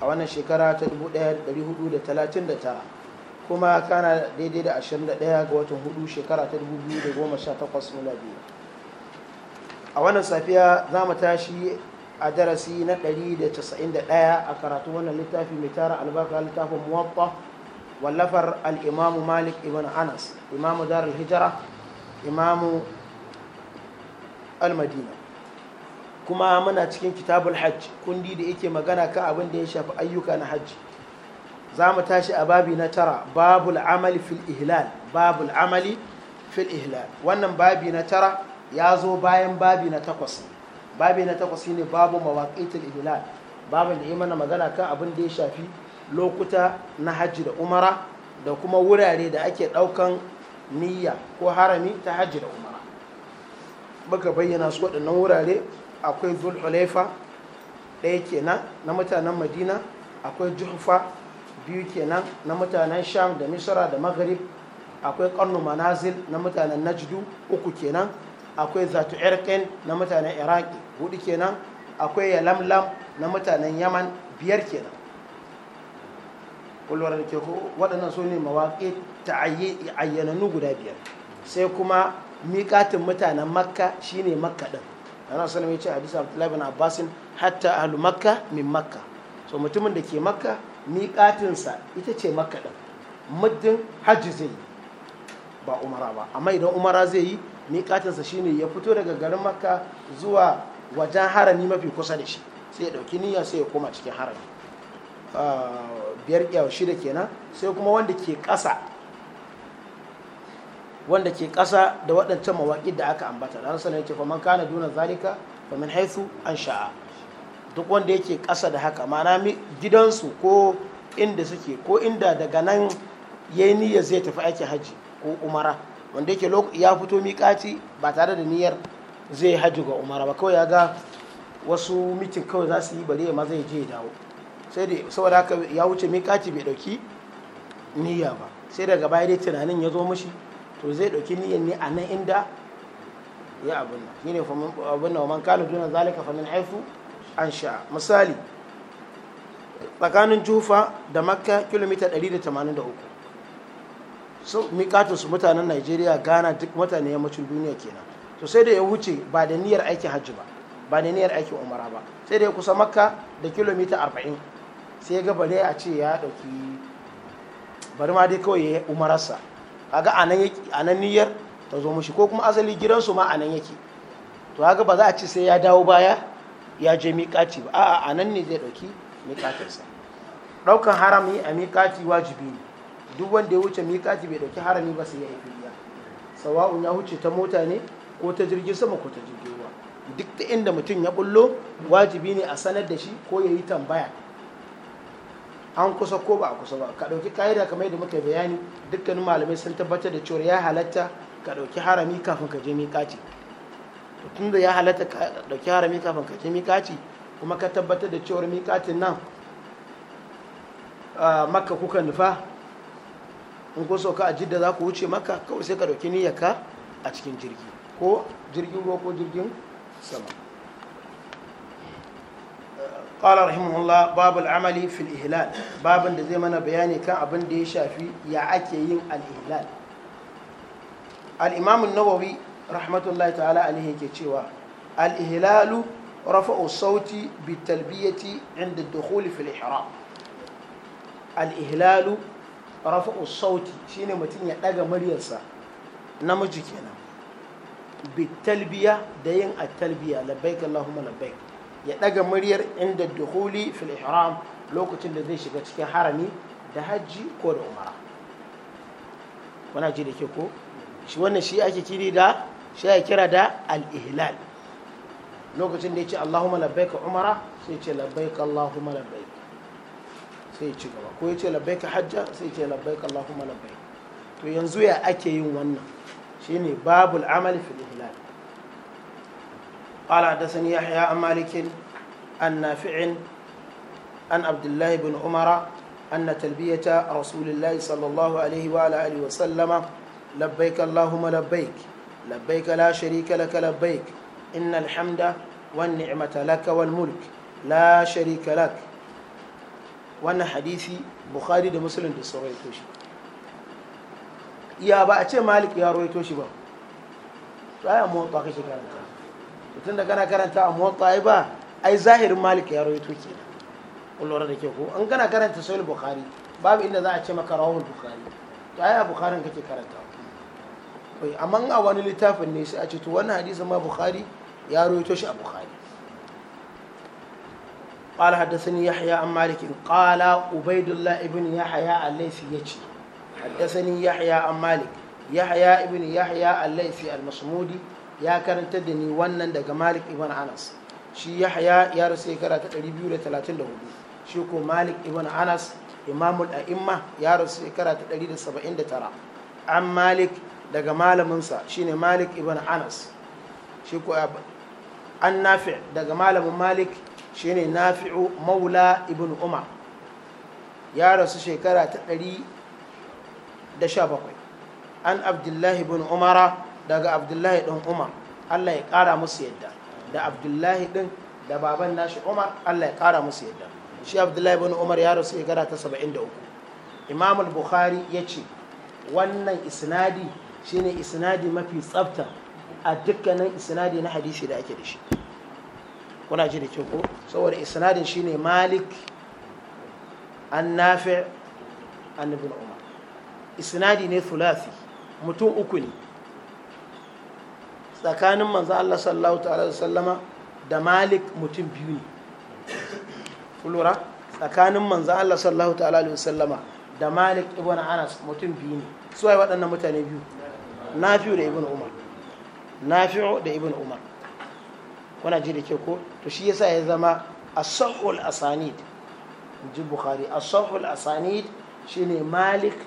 a wannan shekara ta 1439 kuma kana daidai da 21 ga watan hudu shekara ta 2018 biyu. a wannan safiya za mu tashi a darasi na 191 a karatu wannan littafi mai tara albaka littafin muwatta wallafar al'imamu malik ibn anas imamu darul hijira imamu al-madina kuma muna cikin kitabul hajj kundi da yake magana kan abin da ya shafi ayyuka na hajji za mu tashi a babi na tara babul amali fil ihlal babul amali fil ihlal wannan babi na tara ya zo bayan babi na takwas babi na takwas ne babu mawaqitul ihlal babu da yake mana magana kan abin da ya shafi lokuta na hajji da umara da kuma wurare da ake ɗaukan niyya ko harami ta hajji da umara baka bayyana su waɗannan wurare akwai zulhulaifa ɗaya kenan na mutanen madina akwai juhufa biyu kenan na mutanen sham da misra da maghrib akwai karnu manazil na mutanen najdu uku kenan akwai zatu irkin na mutanen iraki hudu kenan akwai yalamlam na mutanen yaman biyar kenan kulwar da ke waɗannan su ne mawaƙi ta ayyananu guda biyar sai kuma miƙatin mutanen makka shine makka ɗin ana sanar ya ce hadisi abdullahi bin abbasin hatta ahlu makka min makka so mutumin da ke makka miƙatinsa ita ce makka ɗin muddin hajji zai yi ba umara ba amma idan umara zai yi miƙatinsa shine ya fito daga garin makka zuwa wajen harami mafi kusa da shi sai ya ɗauki niyya sai ya koma cikin harami ah, biyar eh, shida kenan sai kuma wanda ke ƙasa wanda ke kasa da waɗancan mawaƙi da aka ambata da rasulun yake faman kana duna zalika fa haithu an sha'a duk wanda yake kasa da haka mana gidansu ko inda suke ko inda daga nan ya niyyar zai tafi aikin haji ko umara wanda yake ya fito miƙati ba tare da niyyar zai hajji ga umara ba kawai ya ga wasu mitin kawai za su yi bare ma zai je ya dawo sai da saboda haka ya wuce miƙati bai ɗauki niyya ba sai daga baya dai tunanin ya zo mashi to zai ɗauki niyyar ne a nan inda ya abin nan ne abin nan man kana duna zalika famin haifu an sha misali tsakanin jufa da makka kilomita 183 so mikatu su mutanen Najeriya Ghana duk mutane yammacin duniya kenan to sai da ya wuce ba da niyyar aikin hajji ba ba da niyyar aikin umara ba sai da ya kusa makka da kilomita 40 sai ya ga bare a ce ya dauki bari ma dai kawai ya umararsa kaga anan niyyar ta zo mushi ko kuma asali gidansu ma anan yake to kaga ba za a ci sai ya dawo baya ya je miƙati ba a'a anan ne zai ɗauki sa ɗaukan harami a miƙati wajibi ne duk wanda ya wuce miƙati bai ɗauki harami ba sai ya yi filiya sawa'un ya wuce ta mota ne ko ta jirgin sama ko ta jirgin ruwa duk ta inda mutum ya bullo wajibi ne a sanar da shi ko ya yi tambaya an kusa ko ba a kusa ba ka ɗauki ka'ida kamar yadda muka bayani dukkanin malamai sun tabbatar da cewa ya halatta ka ɗauki harami kafin ka je miƙaci tun da ya halatta ka ɗauki harami kafin ka je miƙaci kuma ka tabbatar da cewa miƙacin nan makka kuka nufa in ku sauka a jidda za ku wuce makka kawai sai ka ɗauki niyyarka a cikin jirgi ko jirgin ruwa ko jirgin sama قال رحمه الله باب العمل في الإهلال da zai mana bayani kan abin da ya shafi ya ake yin al-ihlal al-imam an-nawawi rahmatullahi ta'ala alaihi yake cewa al-ihlal rafa'u sauti bi talbiyati inda ad-dukhul fi al-ihram al shine mutum ya daga muryarsa namiji kenan bi talbiya da yin at-talbiya labbaik allahumma labbaik ya daga muryar inda duhuli fil ihram lokacin da zai shiga cikin harami da hajji ko da umara wana ji da ke ko shi wannan shi ake kiri da shi ake kira da al-ihlal lokacin da ya ce Allahumma labbaika umara sai ce labbaika Allahumma labbaika sai ci gaba ko ya ce labbaika hajja sai ce labbaika Allahumma labbaika to yanzu ya ake yin wannan shine babul amali fil ihlal قال حدثني يحيى عن مالك عن نافع عن عبد الله بن عمر أن تلبية رسول الله صلى الله عليه وعلى آله وسلم لبيك اللهم لبيك لبيك لا شريك لك لبيك إن الحمد والنعمة لك والملك لا شريك لك وأن حديثي بخاري ده مسلم ده سورة توشي يا با أتي مالك يا روي توشي با رأي موطاقي شكرا tun da kana karanta a muwatta ba ai zahirin malik ya rawaito kenan kullura da ke ko an kana karanta sahih bukhari babu inda za a ce maka rawahul bukhari to ai a bukharin kake karanta bai amma a wani littafin ne sai a ce to wannan hadisin ma bukhari ya rawaito shi a bukhari قال حدثني يحيى عن مالك قال عبيد الله ابن يحيى الليثي يجي حدثني يحيى عن مالك يحيى ابن يحيى الليثي المصمودي ya karanta da ni wannan daga malik ibn anas shi yahya ya rasu shekara ta 234 shi ko malik ibn anas imamul a'imma ya rasu shekara ta 179 an malik daga malaminsa shine malik ibn anas shi ko an nafi daga malamin malik shine nafi'u maula ibn umar ya rasu shekara ta 117 an abdullahi ibn umara daga abdullahi ɗin umar allah ya ƙara musu yadda da abdullahi ɗin da baban nashi umar allah ya ƙara musu yadda shi abdullahi bin umar ya rasu shekara ta 73 imam al-bukhari ya ce wannan isnadi shine isnadi mafi tsafta a dukkanin isnadi na hadisi da ake da shi kuna ji da kyau ko saboda isnadin shine malik an nafi an umar isnadi ne thulathi mutum uku ne tsakanin manzo Allah sallallahu ta'ala da sallama da malik mutum biyu ne kulura tsakanin manzo Allah sallallahu ta'ala da sallama da malik ibn anas mutum biyu ne su ai waɗannan mutane biyu nafi'u da ibn umar nafi'u da ibn umar kuna ji da ke ko to shi yasa ya zama as-sahul asanid ji bukhari as-sahul asanid shine malik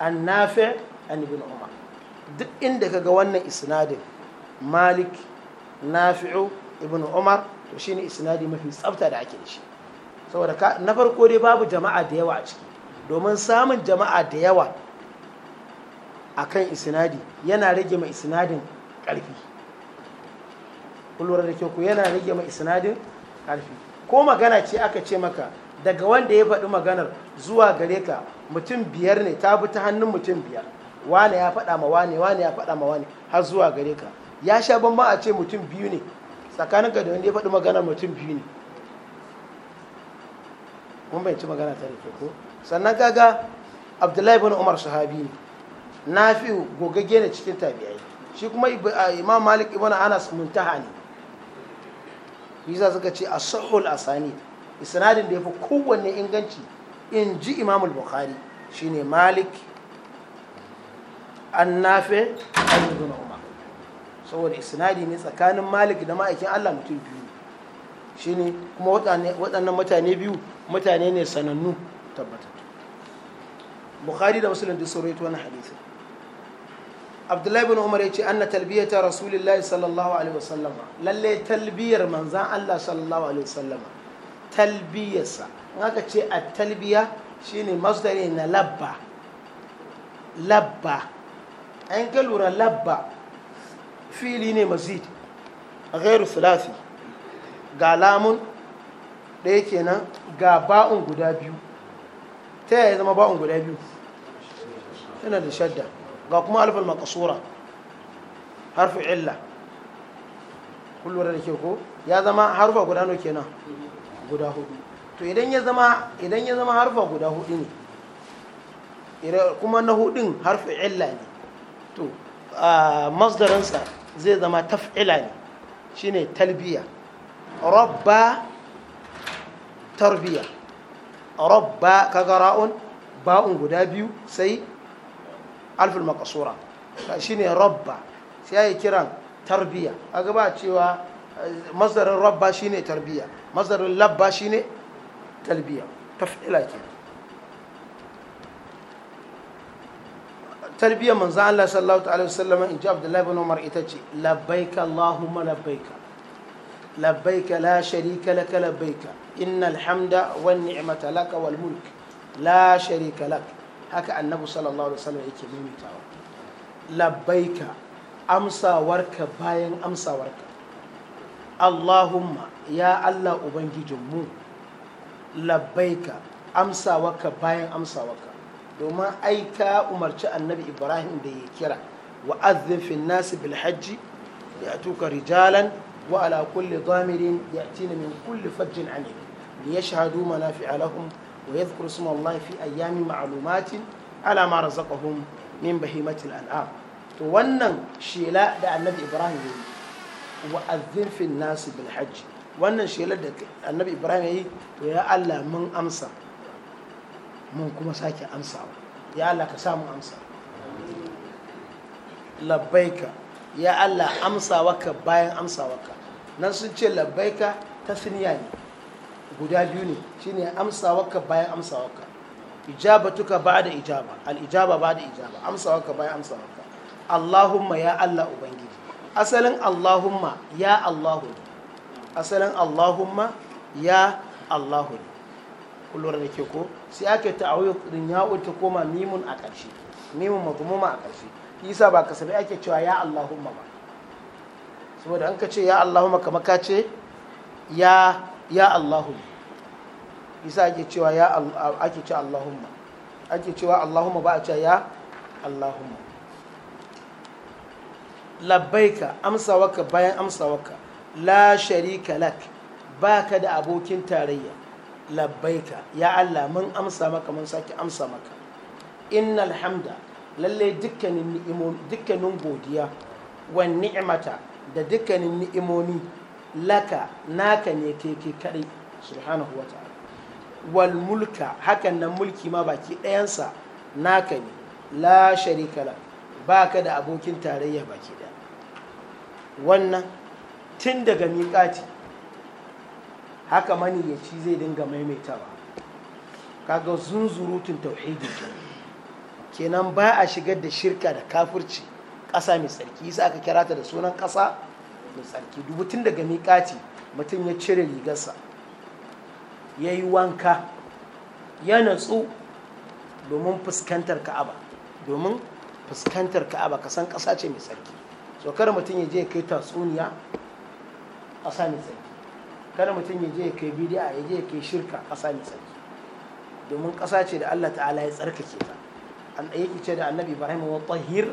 an nafi' an ibn umar duk inda ka ga wannan isnadin malik nafi'u ibn umar to shi ne isnadi mafi tsafta da ake shi saboda na farko dai babu jama'a da yawa a ciki domin samun jama'a da yawa a kan isnadi yana rage ma isnadin ƙarfi Kulwar da ke ku yana rage ma isnadin ƙarfi ko magana ce aka ce maka daga wanda ya faɗi maganar zuwa gare ka mutum biyar ne ta bi ta hannun mutum biyar wane ya faɗa ma wane wane ya faɗa ma wane har zuwa gare ka ya sha bamban a ce mutum biyu ne tsakanin ka da wanda ya faɗi magana mutum biyu ne bai bayanci magana ta rike ko sannan kaga abdullahi bin umar sahabi ne na fi gogagge ne cikin tabi'ai shi kuma imam malik ibn anas muntaha ne yasa suka ce as-sahul asani isnadin da yafi kowanne inganci in ji imam al-bukhari shine malik an nafe an ibn umar saboda isnadi ne tsakanin malik da ma'aikin allah mutum biyu shine kuma waɗannan mutane biyu mutane ne sanannu tabbatar bukhari da muslim duk sun rawaito wannan hadisi abdullahi bin umar ya ce anna ta rasulillahi sallallahu alaihi wasallam lalle talbiyar manzan allah sallallahu alaihi wasallam talbiyarsa in aka ce a talbiya shine masdari na labba labba an ka lura labba fili ne mazid a ghairu sulasi ga lamun ɗaya kenan ga ba'un guda biyu ta yaya zama ba'un guda biyu yana da shadda ga kuma alfal makasura harfi illa kullum da ke ko ya zama harfa guda no kenan guda hudu to idan ya zama idan ya zama harfa guda hudu ne kuma na hudun harfi illa ne to masdarinsa zai zama taf'ila ne shine talbiya rabba tarbiya rabba kaga ra'un ba'un guda biyu sai alfil makasura shine rabba sai ya yi kiran tarbiya a gaba cewa eh, masdarin rabba shine tarbiya masdarin labba shine talbiya taf'ila kenan tarbiyyar manzan Allah sallallahu ta'ala wasallama in ji Abdullahi bin Umar ita ce labbaika Allahumma labbaika labbaika la sharika laka labbaika innal hamda wan ni'mata laka wal mulk la sharika lak haka annabi sallallahu alaihi wasallam yake maimaitawa labbaika amsawarka bayan amsawarka Allahumma ya Allah ubangijinmu labbaika amsawarka bayan amsawarka domin ai ta umarci annabi ibrahim da ya kira wa azzin fil nasi bil hajji ya tuka rijalan wa ala kulli ya tina min kulli fajjin amin li yashhadu manafi'a lahum wa yadhkuru isma Allah fi ayyamin ma'lumatin ala ma razaqahum min bahimatil an'am to wannan shela da annabi ibrahim yi wa azzin fil nasi bil hajji wannan shelar da annabi ibrahim ya yi to ya Allah mun amsa mun kuma sake amsawa ya Allah ka samu amsa labbaika ya Allah amsawaka bayan amsawaka nan sun ce labbaika ta siniya ne guda biyu ne shine amsawaka bayan amsawaka ijabatuka da ijaba al ijaba da ijaba amsawaka bayan amsawaka Allahumma ya Allah ubangiji asalin Allahumma ya Allahu asalin Allahumma ya Allahu kullum da ke ko sai ake ta'awiyyu din ya ta koma mimun a ƙarshe mimun magumuma a ƙarshe isa ba ka sabi ake cewa ya Allahumma ba saboda an ka ce ya Allahumma kamar ka ce ya ya Allahumma isa ake cewa ya ake cewa Allahumma ake cewa Allahumma ba a cewa ya Allahumma labbaika waka bayan amsa waka la sharika lak baka da abokin tarayya labbaika ya Allah mun amsa maka mun sake amsa maka innal hamda lalle dukkanin dukkanin godiya wa ni'imata da dukkanin ni'imomi laka naka ne kai kai kadai subhanahu wa ta'ala wal mulka hakan nan mulki ma baki ɗayansa naka ne la sharika la baka da abokin tarayya baki ɗaya wannan tun daga miƙati haka mani ya ci zai dinga maimaitawa kaga zunzurutun tauhidi kenan ba a shigar da shirka da kafurci ƙasa mai tsarki yasa aka kira ta da sunan ƙasa mai tsarki dubu daga miƙati mutum ya cire rigarsa ya yi wanka ya natsu domin fuskantar ka'aba domin fuskantar ka'aba ka san ƙasa ce mai tsarki so kada mutum ya je kai tatsuniya ƙasa mai tsarki kada mutum ya je ya kai bidiya ya je kai shirka ƙasa mai tsarki domin ƙasa ce da Allah ta'ala ya tsarkake ta an yake ce da annabi ibrahim wa tahir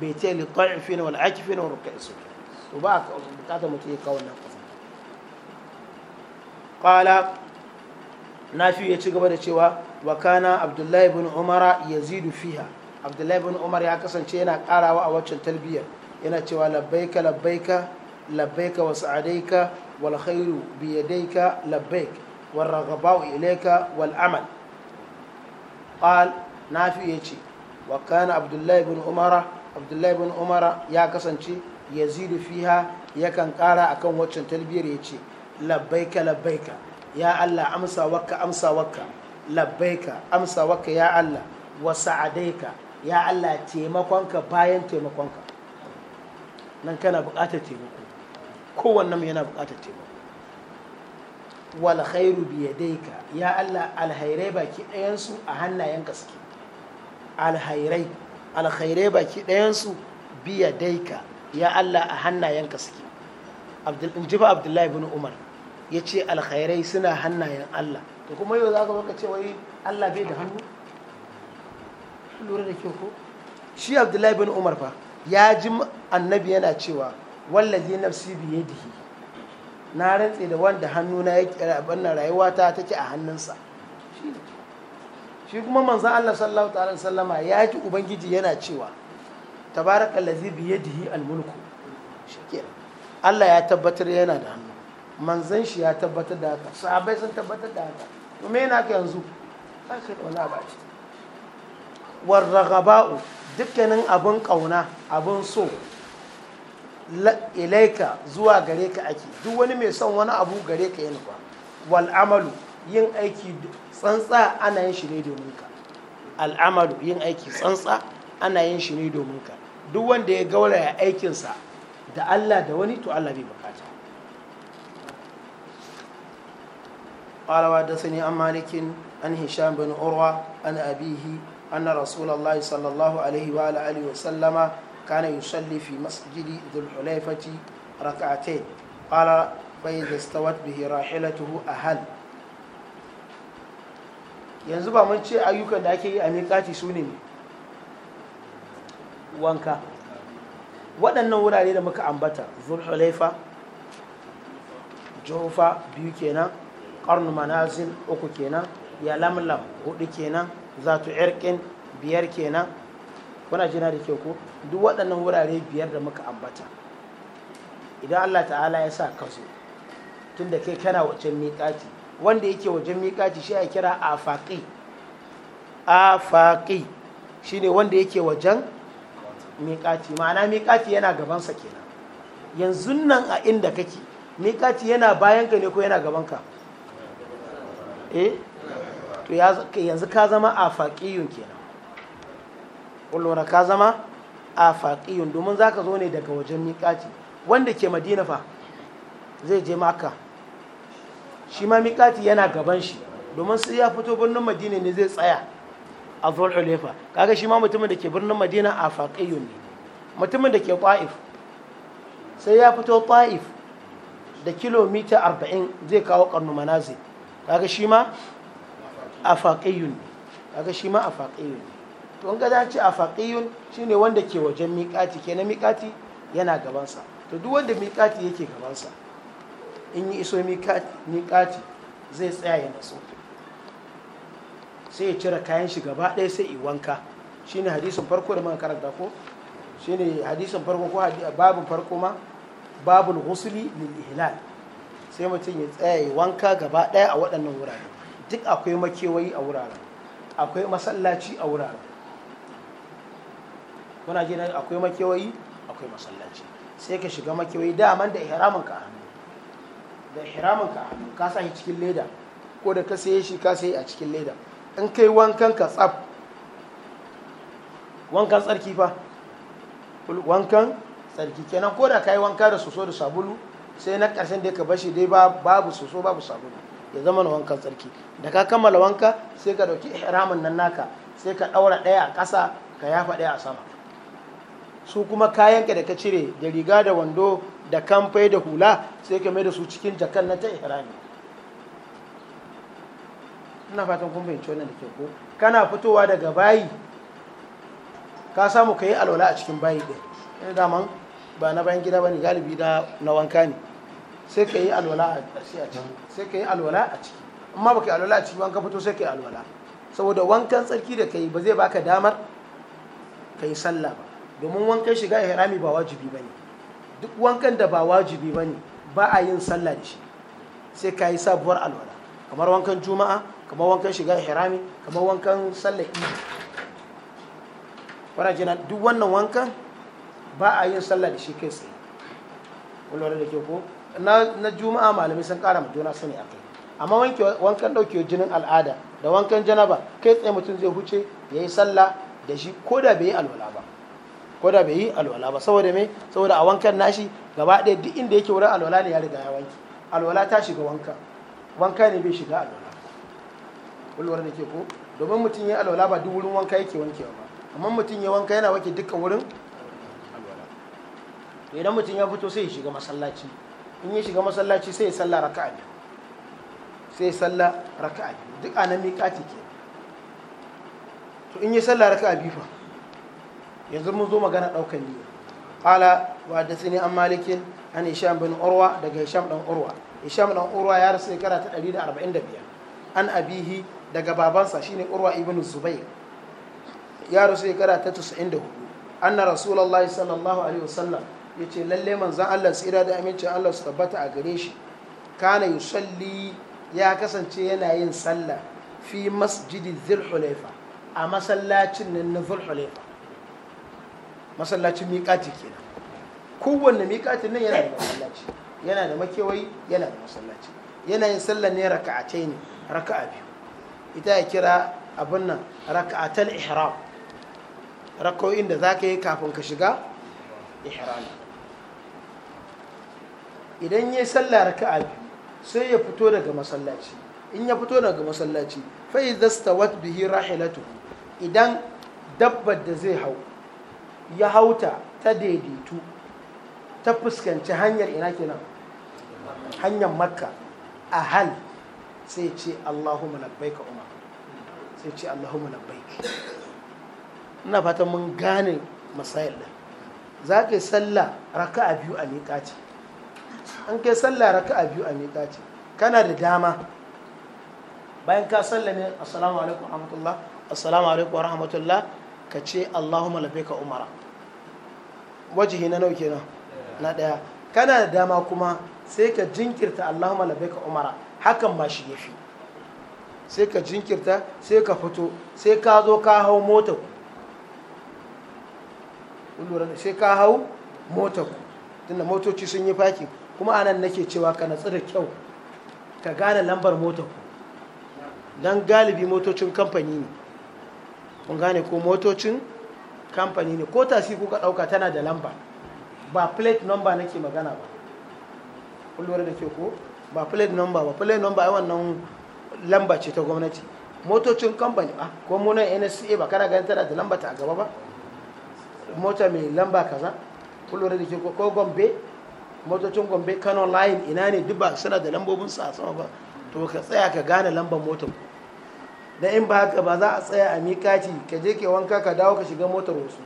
bai ce li ta'ifina wal akifina wa rukai su to ba bukatar mutum ya kawo wannan ƙasa qala nafi ya ci gaba da cewa wa kana abdullahi ibn umara yazidu fiha abdullahi ibn umar ya kasance yana karawa a waccan talbiyar yana cewa labbaika labbaika labbaika wa sa'adaika wal khairu bi yadayka labbaik wal raghabau ilayka wal amal qal nafi yace wa kana abdullahi ibn umara abdullahi ibn umara ya kasance yazidu fiha yakan ƙara akan waccan talbiyar yace labbaika labbaika ya Allah amsa wakka amsa wakka labbaika amsa wakka ya Allah wa sa'adaika ya Allah taimakonka bayan taimakonka nan kana buƙatar taimako kowannen mu yana buƙatar taimako wal khairu bi yadayka ya Allah alhairai baki ɗayan su a hannayenka suke alhairai alhairai baki ɗayan su bi yadayka ya Allah a hannayenka suke abdul injiba abdullahi ibn umar yace alhairai suna hannayen Allah to kuma yau zaka baka ce wai Allah bai da hannu lura da kyau ko shi abdullahi ibn umar fa ya ji annabi yana cewa wallazi nafsi biyadihi na rantse da wanda hannuna yake rayuwa rayuwata take a hannunsa shi kuma manzon Allah sallallahu ta'ala sallama ya ji ubangiji yana cewa da biyadihi almulku shikenan Allah ya tabbatar yana da hannu manzon shi ya tabbatar da haka sahabbai sun tabbatar da haka to me yana ka yanzu ba ka da wani dukkanin abin kauna abin so ilaika zuwa gare ka ake duk wani mai son wani abu gare ka yana kwa wal'amalu amalu yin aiki tsantsa ana yin shi ne domin ka al'amalu yin aiki tsantsa ana yin shi ne domin ka duk wanda ya gauraya aikinsa da Allah da wani to Allah bai bukata da sani an malikin an hisham bin urwa an abihi أن رسول الله sallallahu alaihi عليه وآله sallama. كان يصلي في مسجد ذو الحليفة ركعتين قال فإذا استوت به راحلته أهل yanzu ba mun ce ayyukan da ake yi a miƙati su ne wanka waɗannan wurare da muka ambata zulhulaifa jofa biyu kenan ƙarnu manazil uku kenan yalamlam hudu kenan zatu irkin biyar kenan kuna jina da ke ku duk waɗannan wurare biyar da muka ambata idan Allah ta'ala ya sa ka zo tun da kai kana wajen miƙati wanda yake wajen miƙati shi a kira afaƙi afaƙi shi ne wanda yake wajen miƙati ma'ana miƙati yana gabansa kenan yanzu nan a inda kake miƙati yana bayanka ne ko yana gabanka eh to yanzu ka zama afaƙiyun kenan kullum ka zama afaqiyun domin zaka zo ne daga wajen miƙaci wanda ke madina fa zai je maka shi ma miƙaci yana gaban shi domin sai ya fito birnin madina ne zai tsaya a zuwar ulefa kaga shi ma mutumin da ke birnin madina a faƙiyun ne mutumin da ke ƙwa'if sai ya fito ƙwa'if da kilomita arba'in zai kawo ƙarnu manazi kaga shi ma a faƙiyun ne kaga shi ma a faƙiyun ne to in ga ce a faƙiyun shine wanda ke wajen miƙati na miƙati yana gabansa to duk wanda miƙati yake gabansa in yi iso miƙati zai tsaya ya natsu sai ya cire kayan shi gaba ɗaya sai i wanka shine hadisin farko da muka karanta ko shine hadisin farko ko babin farko ma babul ghusli lil ihlal sai mutum ya tsaya ya wanka gaba ɗaya a waɗannan wurare duk akwai makewayi a wuraren akwai masallaci a wuraren muna ji akwai makewayi akwai masallaci sai ka shiga makewayi daman da ihramin ka a hannu da ihramin ka a hannu ka sa shi cikin leda ko da ka saye shi ka saye a cikin leda in kai wankan ka tsaf wankan tsarki fa wankan tsarki kenan ko da kai wanka da soso da sabulu sai na karshen da ka bashi dai babu soso babu sabulu ya zama na wankan tsarki da ka kammala wanka sai ka dauki ihramin nan naka sai ka daura daya a ƙasa ka yafa daya a sama su kuma kayanka da ka cire da riga da wando da kamfai da hula sai ka mai da su cikin jakan na ta ihrami ina fatan kun fahimci wannan da ke ko kana fitowa daga bayi ka samu ka yi alwala a cikin bayi ɗin ina eh, daman ba na bayan gida ba ne galibi da na wanka ne sai ka yi alwala a ciki sai ka yi alwala a ciki amma baka yi alwala a ciki ba ka fito sai ka yi alwala saboda wankan tsarki da ka yi ba zai baka damar ka yi sallah ba domin wankan shiga ihrami ba wajibi bane duk wankan da ba wajibi bane ba a yin sallah da shi sai ka yi sabuwar alwala kamar wankan juma'a kamar wankan shiga ihrami kamar wankan sallah idi kwarajina duk wannan wankan ba a yin sallah da shi kai tsaye kullum da ke ko na juma'a malami sun kara mu dona sani akai amma wankan dauke jinin al'ada da wankan janaba kai tsaye mutum zai huce ya yi sallah da shi ko da bai yi alwala ba ko da bai yi alwala ba saboda me saboda a wankan nashi gaba ɗaya duk inda yake wurin alwala ne ya riga ya wanki alwala ta shiga wanka wanka ne bai shiga alwala kulwar da ke ko domin mutum ya alwala ba duk wurin wanka yake wankewa ba amma mutum ya wanka yana wake dukkan wurin alwala idan mutum ya fito sai ya shiga masallaci in ya shiga masallaci sai ya sallah raka'a biyu sai ya sallah raka'a biyu duk anan miƙati ke to in ya sallah raka'a biyu fa yanzu mun zo magana ɗaukan niyya qala wa hadathani an malikin an hisham bin urwa daga isham dan urwa isham ɗan urwa ya rasu shekara ta 145 an abihi daga babansa shine urwa ibn zubair ya rasu shekara ta 94 anna rasulullahi sallallahu alaihi wasallam yace lalle manzon Allah su ira da amincin Allah su tabbata a gare shi kana yusalli ya kasance yana yin sallah fi masjidi dhul hulaifa a masallacin nan na dhul hulaifa masallacin miƙati kenan kowanne miƙatin nan yana da masallaci yana da makewayi yana da masallaci yana yin sallar ne raka'atai ne raka'a biyu ita ya kira abin nan raka'atal ihram raka'o'in da zaka yi kafin ka shiga ihram idan ya yi sallar raka'a biyu sai ya fito daga masallaci in ya fito daga masallaci fa idza stawat bihi rahilatuhu idan dabbar da zai hau ya hauta ta daidaitu ta fuskanci hanyar ina kenan hanyar makka a hal sai ce allahumma ka umar sai ce allahumma labbaik ina fata mun gane masayar da za ka yi sallah raka a biyu a miƙa ce an kai sallah raka a biyu a miƙa ce kana da dama bayan ka ne assalamu alaikum rahmatullah assalamu alaikum rahmatullah ka ce Allahumma labbaika umara wajihi na nauke na na daya kana da dama kuma sai ka jinkirta Allahumma labbaika umara hakan ba shi yafi sai ka jinkirta sai ka fito sai ka zo ka hau motar ku sai ka hau motar ku tunda motoci sun yi faki kuma anan nake cewa ka natsu da kyau ka gane lambar motar ku don galibi motocin kamfani ne kun gane ko motocin kamfani ne ko tasi kuka ɗauka tana da lamba ba plate number nake magana ba kullum da ke ko ba plate number ba plate number ai wannan lamba ce ta gwamnati motocin kamfani ba ah, ko mu nan NSCA ba kana ganin tana da lamba ta gaba ba mota mai lamba kaza kullum da ke ko ko Gombe motocin Gombe Kano line ina ne duk ba suna da lambobin su a sama ba to ka tsaya ka gane lambar motar da in ba haka ba za a tsaya a miƙaci ka je ke wanka ka dawo ka shiga motar wasu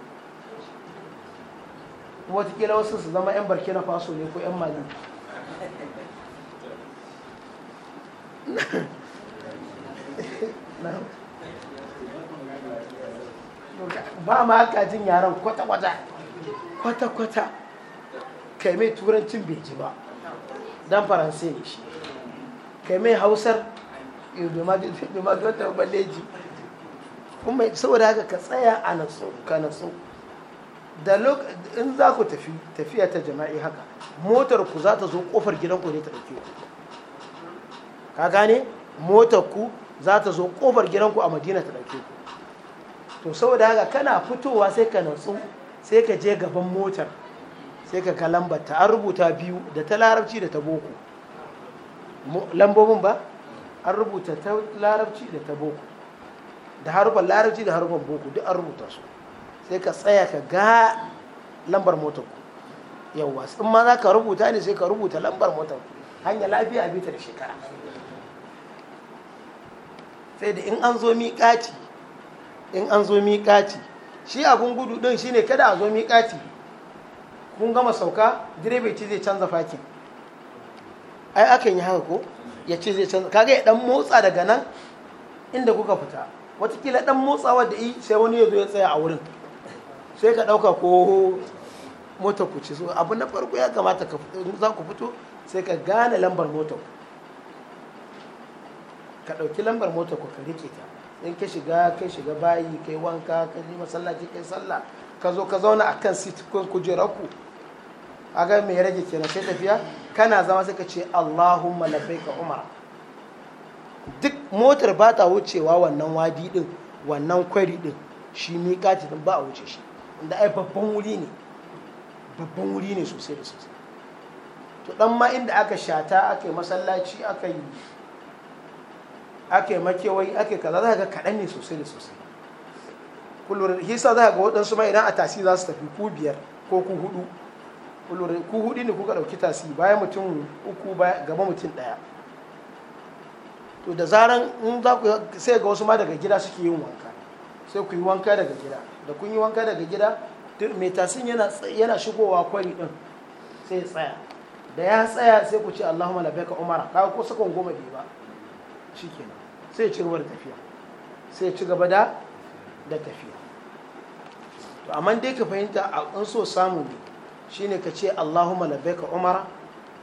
watakila wasu su zama 'yan na faso ne ko 'yan malin ba ma jin yaran kwata-kwata kwata-kwata kai mai turancin beji ba don faransai ne shi kai mai hausar bai ma dota kuma saboda haka ka tsaya a natsu ka natsu da in za ku tafi tafiya ta jama'i haka motar ku za ta zo kofar gidan ku ne ta ɗauke ku ka gane motar ku za ta zo kofar gidan ku a madina ta ɗauke ku to saboda haka kana fitowa sai ka natsu sai ka je gaban motar sai ka ga lambar ta an rubuta biyu da ta larabci da ta boko lambobin ba an rubuta ta larabci da ta boko da harufan larabci da harufan boko duk an rubuta su sai ka tsaya ka ga lambar motar ku yawwa in ma za ka rubuta ne sai ka rubuta lambar motar ku hanya lafiya a bita da shekara sai da in an zo miƙaci in an zo miƙaci shi abun gudu ɗin shine kada a zo miƙaci kun gama sauka direbeci zai canza fakin ai akan yi haka ko ya ce zai canza kaga ya dan motsa daga nan inda kuka fita watakila dan motsawa da yi sai wani ya zo ya tsaya a wurin sai ka dauka ko mota ku ci so abu na farko ya kamata ka za ku fito sai ka gane lambar mota ku ka dauki lambar mota ku ka rike ta in ka shiga kai shiga bayi kai wanka ka je masallaci kai sallah ka zo ka zauna akan sit ko kujerar ku aga mai rage kenan sai tafiya kana zama sai ka ce Allahumma ka umara duk motar ba ta wucewa wannan wadi din wannan kwari din shi miƙati din ba a wuce shi inda ai babban wuri ne babban wuri ne sosai da sosai to dan ma inda aka shata aka yi masallaci aka yi aka yi makewayi aka yi kaza za ga kaɗan ne sosai da sosai kullum hisa za ga waɗansu ma idan a tasi za su tafi ku biyar ko ku hudu kullum ku hudu ne kuka dauki tasi bayan mutum uku gaba mutum daya to da zaran in za ku sai ga wasu ma daga gida suke yin wanka sai ku yi wanka daga gida da kun yi wanka daga gida mai tasin yana shigowa kwari din sai ya tsaya da ya tsaya sai ku ce Allahumma labbaika umara kaga ko sakon goma bai ba shikenan sai ya ci gaba da tafiya sai ya ci gaba da da tafiya to amma dai ka fahimta a in so samu ne shine ka ce Allahumma labbaika umara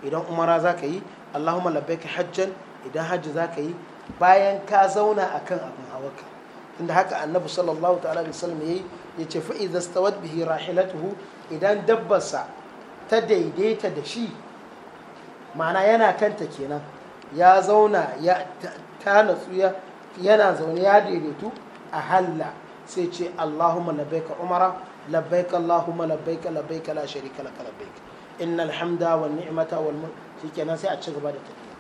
idan umara za ka yi Allahumma labbaika hajjan idan hajji za ka yi bayan ka zauna akan abin hawaka tunda haka annabi sallallahu ta'ala alaihi wasallam yayi ya ce idza stawat bihi rahilatuhu idan dabbarsa ta daidaita da shi ma'ana yana kanta kenan ya zauna ya ta natsu yana zaune ya daidaitu a halla sai ce Allahumma labbaika umara labbaik Allahumma labbaik labbaik la sharika lak labbaik innal hamda wan ni'mata wal mulk shikenan sai a ci gaba da tafiya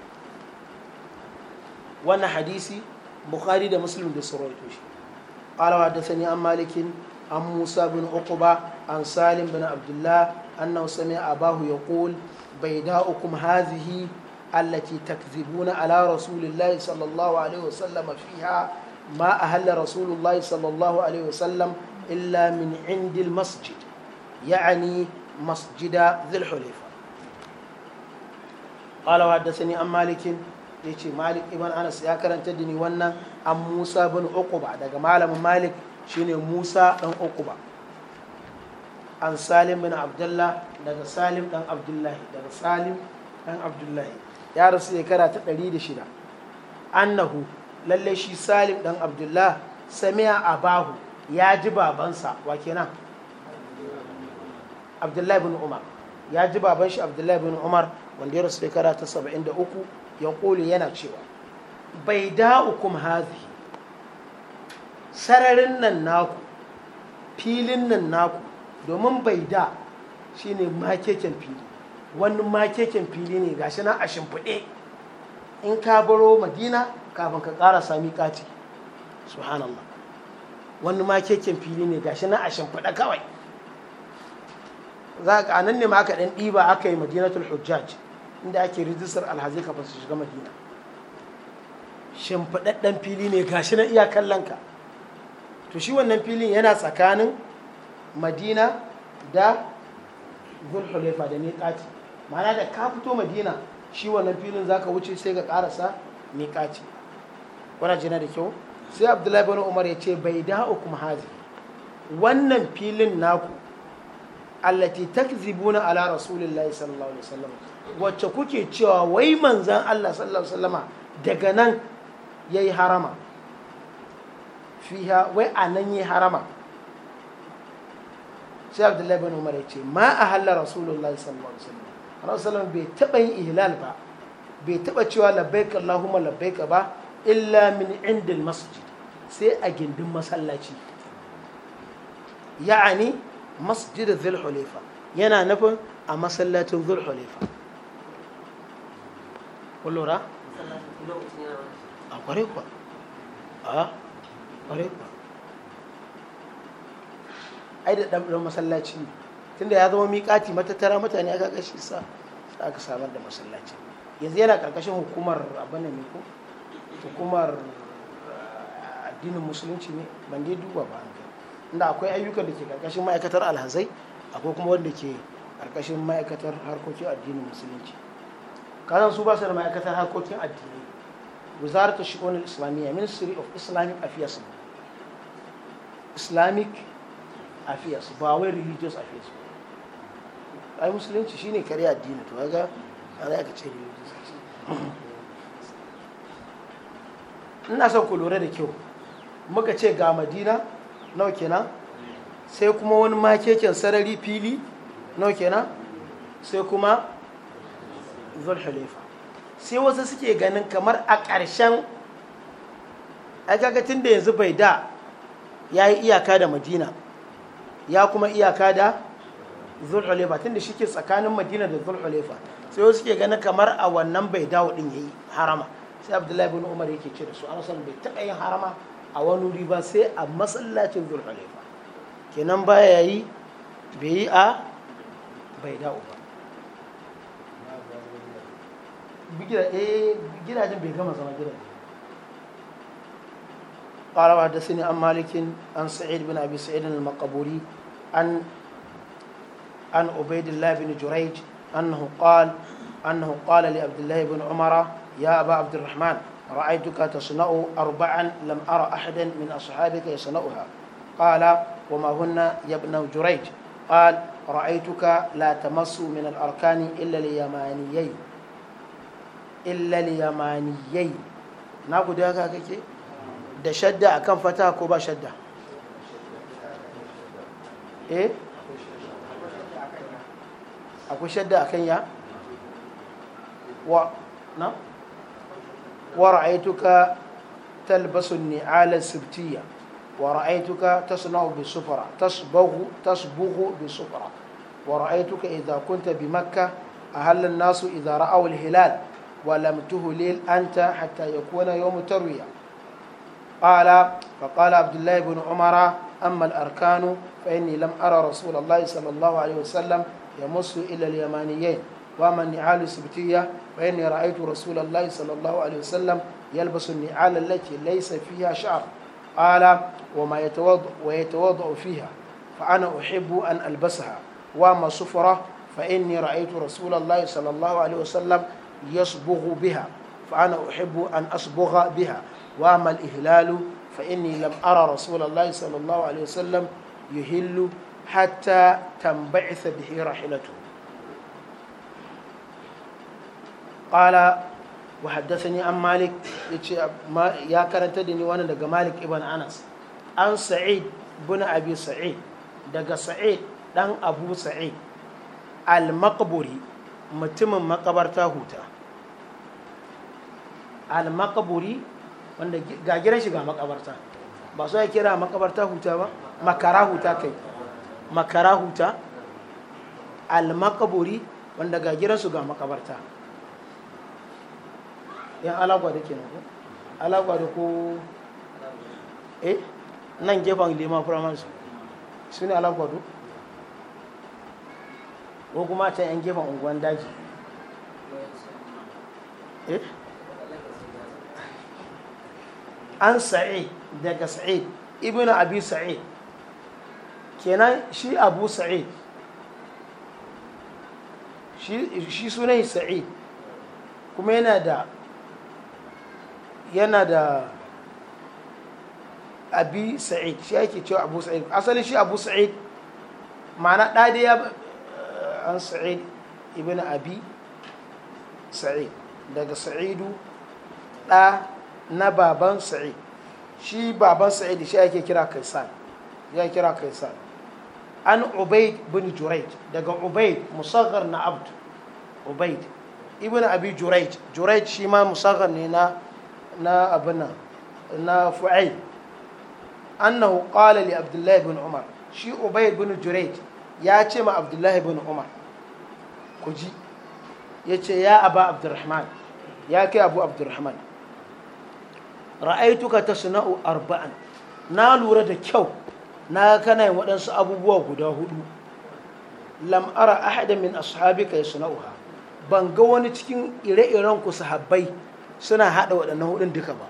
wannan hadisi bukhari da muslim da su rawaito shi qala wa an malikin an musa bin uqba an salim bin abdullah abahu yaqul bayda'ukum hadhihi التي تكذبون على رسول الله صلى الله عليه وسلم فيها ما أهل رسول الله صلى الله عليه وسلم إلا من عند المسجد يعني مسجد ذي الحليفة قال وحدثني عن مالك يتي مالك ابن أنس يا كرن تدني وانا عن موسى بن عقبة دقا معلم مالك شيني موسى بن عقبة عن سالم بن عبد الله دقا سالم بن عبد الله دقا سالم بن عبد الله يا رسول كرا تقريد شدا أنه للي شي سالم بن عبد الله سمع أباه ya ji babansa wa kenan abdullahi bin umar ya ji baban shi abdullahi bin umar wanda ya rasu shekara ta 73 ya koli yana cewa bai hukum hazi sararin nan naku filin nan naku domin bai da shi ne makeken fili wani makeken fili ne gashi na a shimfiɗe in ka baro madina kafin ka ƙara sami ƙaci subhanallah wani ma keken fili ne gashi na a shimfiɗa kawai za ka nan ne ma aka ɗan ɗiba aka yi madinatul hujjaj inda ake rijistar alhazi kafa su shiga madina shimfiɗaɗɗen fili ne gashi na iya kallonka to shi wannan filin yana tsakanin madina da zulhulaifa da miƙaci ma'ana da ka fito madina shi wannan filin za ka wuce sai ka ƙarasa miƙaci wana jina da kyau sai abdullahi bin umar ya ce bai da'u kuma hazi wannan filin naku allati takzibuna ala rasulillahi sallallahu alaihi wasallam wacce kuke cewa wai manzan Allah sallallahu alaihi wasallama daga nan yayi harama fiha wai a nan yi harama sai abdullahi bin umar ya ce ma a halla rasulullahi sallallahu alaihi wasallam rasulullah bai taba yin ihlal ba bai taba cewa labbaik allahumma labbaik ba illa min indil masjid sai a gindin masallaci ya'ani masjid dhul hulifa yana nufin a masallacin dhul hulifa kullura a kware kwa a kware kwa ai da ɗanɗan masallaci ne tunda ya zama miƙati matattara mutane aka kashi sa aka samar da masallaci yanzu yana ƙarƙashin hukumar abin da ne ko hukumar eh, addinin musulunci ne ban dai duba ba an kai inda akwai ayyukan da ke karkashin ma'aikatar alhazai akwai kuma wanda ke karkashin ma'aikatar harkokin addinin musulunci kasan su ba su da ma'aikatar harkokin addini wizaratu shi'onin islamiyya ministry of islamic affairs islamic affairs ba wai religious affairs ai musulunci shine kare addini to kaga ana aka ce religious affairs ina son ku lura da kyau muka ce ga madina nawa kenan sai kuma wani makekin sarari fili nawa kenan sai kuma Zul halifa sai wasu suke ganin kamar a ƙarshen aikakatun da yanzu bai da ya yi iyaka da madina ya kuma iyaka da Zul halifa tun da shi ke tsakanin madina da Zul halifa sai wasu suke ganin kamar a wannan bai dawo ɗin ya yi harama sai abdullahi bin umar yake ce da su an san bai taɓa yin harama a wani wuri ba sai a masallacin zulhulaifa kenan ya yi bai yi a bai da'u ba eh, gidajen bai gama zama gidajen قال وحدثني عن مالك عن سعيد بن ابي سعيد المقبوري عن عن عبيد الله بن جريج انه قال انه قال لعبد الله بن عمر يا أبا عبد الرحمن رأيتك تصنع أربعا لم أرى أحدا من أصحابك يصنعها قال وما هن يا ابن جريج قال رأيتك لا تمس من الأركان إلا ليمانيين إلا ليمانيين ناكو ده كاكي ده شدة أكم فتاة كوبا شدة إيه أكو شدة أكين يا و نعم ورأيتك تلبس النعال السبتية ورأيتك تصنع بسفرة تصبغ تصبغ بسفرة ورأيتك إذا كنت بمكة أهل الناس إذا رأوا الهلال ولم تهلل أنت حتى يكون يوم التروية قال فقال عبد الله بن عمر أما الأركان فإني لم أرى رسول الله صلى الله عليه وسلم يمس إلى اليمانيين وأما النعال السبتية فإني رأيت رسول الله صلى الله عليه وسلم يلبس النعال التي ليس فيها شعر قال وما يتوضع ويتوضأ فيها فأنا أحب أن ألبسها وأما صفرة فإني رأيت رسول الله صلى الله عليه وسلم يصبغ بها فأنا أحب أن أصبغ بها وأما الإهلال فإني لم أرى رسول الله صلى الله عليه وسلم يهل حتى تنبعث به راحلته qala wa haddathani an malik yace ya karanta da ni wannan daga malik ibn anas an sa'id bin abi sa'id daga sa'id dan abu sa'id al-maqburi mutumin makabarta huta al-maqburi wanda ga gidan shi ga makabarta ba su ya kira makabarta huta ba makara huta kai makara huta al-maqburi wanda ga gidan su ga makabarta yan da ke nan da ko eh nan gefen lima primary su ne do ko kuma can yan gefen unguwan daji eh an Sa'i daga sa'id ibn abi sa'id kenan shi abu sa'id shi sunai sa'id kuma yana da yana da abi sa'id shi ake cewa abu sa'id asali shi abu sa'id ma'ana ɗade ya an sa'id ibn abi sa'id daga sa'idu ɗa na baban sa'id shi baban sa'id shi ake kira kaisan ya kira kaisan an ubaid bin juraid daga ubaid musaghar na abd ubaid ibn abi juraid juraid shi ma musaghar ne na na abin na fu'ai annahu qala li abdullahi bin umar shi ubay bin jurayj ya ce ma abdullahi bin umar ku ji ya ce ya aba abdurrahman ya kai abu abdurrahman ra'aituka tasna'u arba'an na lura da kyau na kana yin waɗansu abubuwa guda hudu lam ara ahada min ashabika yasna'uha ban ga wani cikin ire-iren ku sahabbai suna haɗa waɗannan hudun duka ba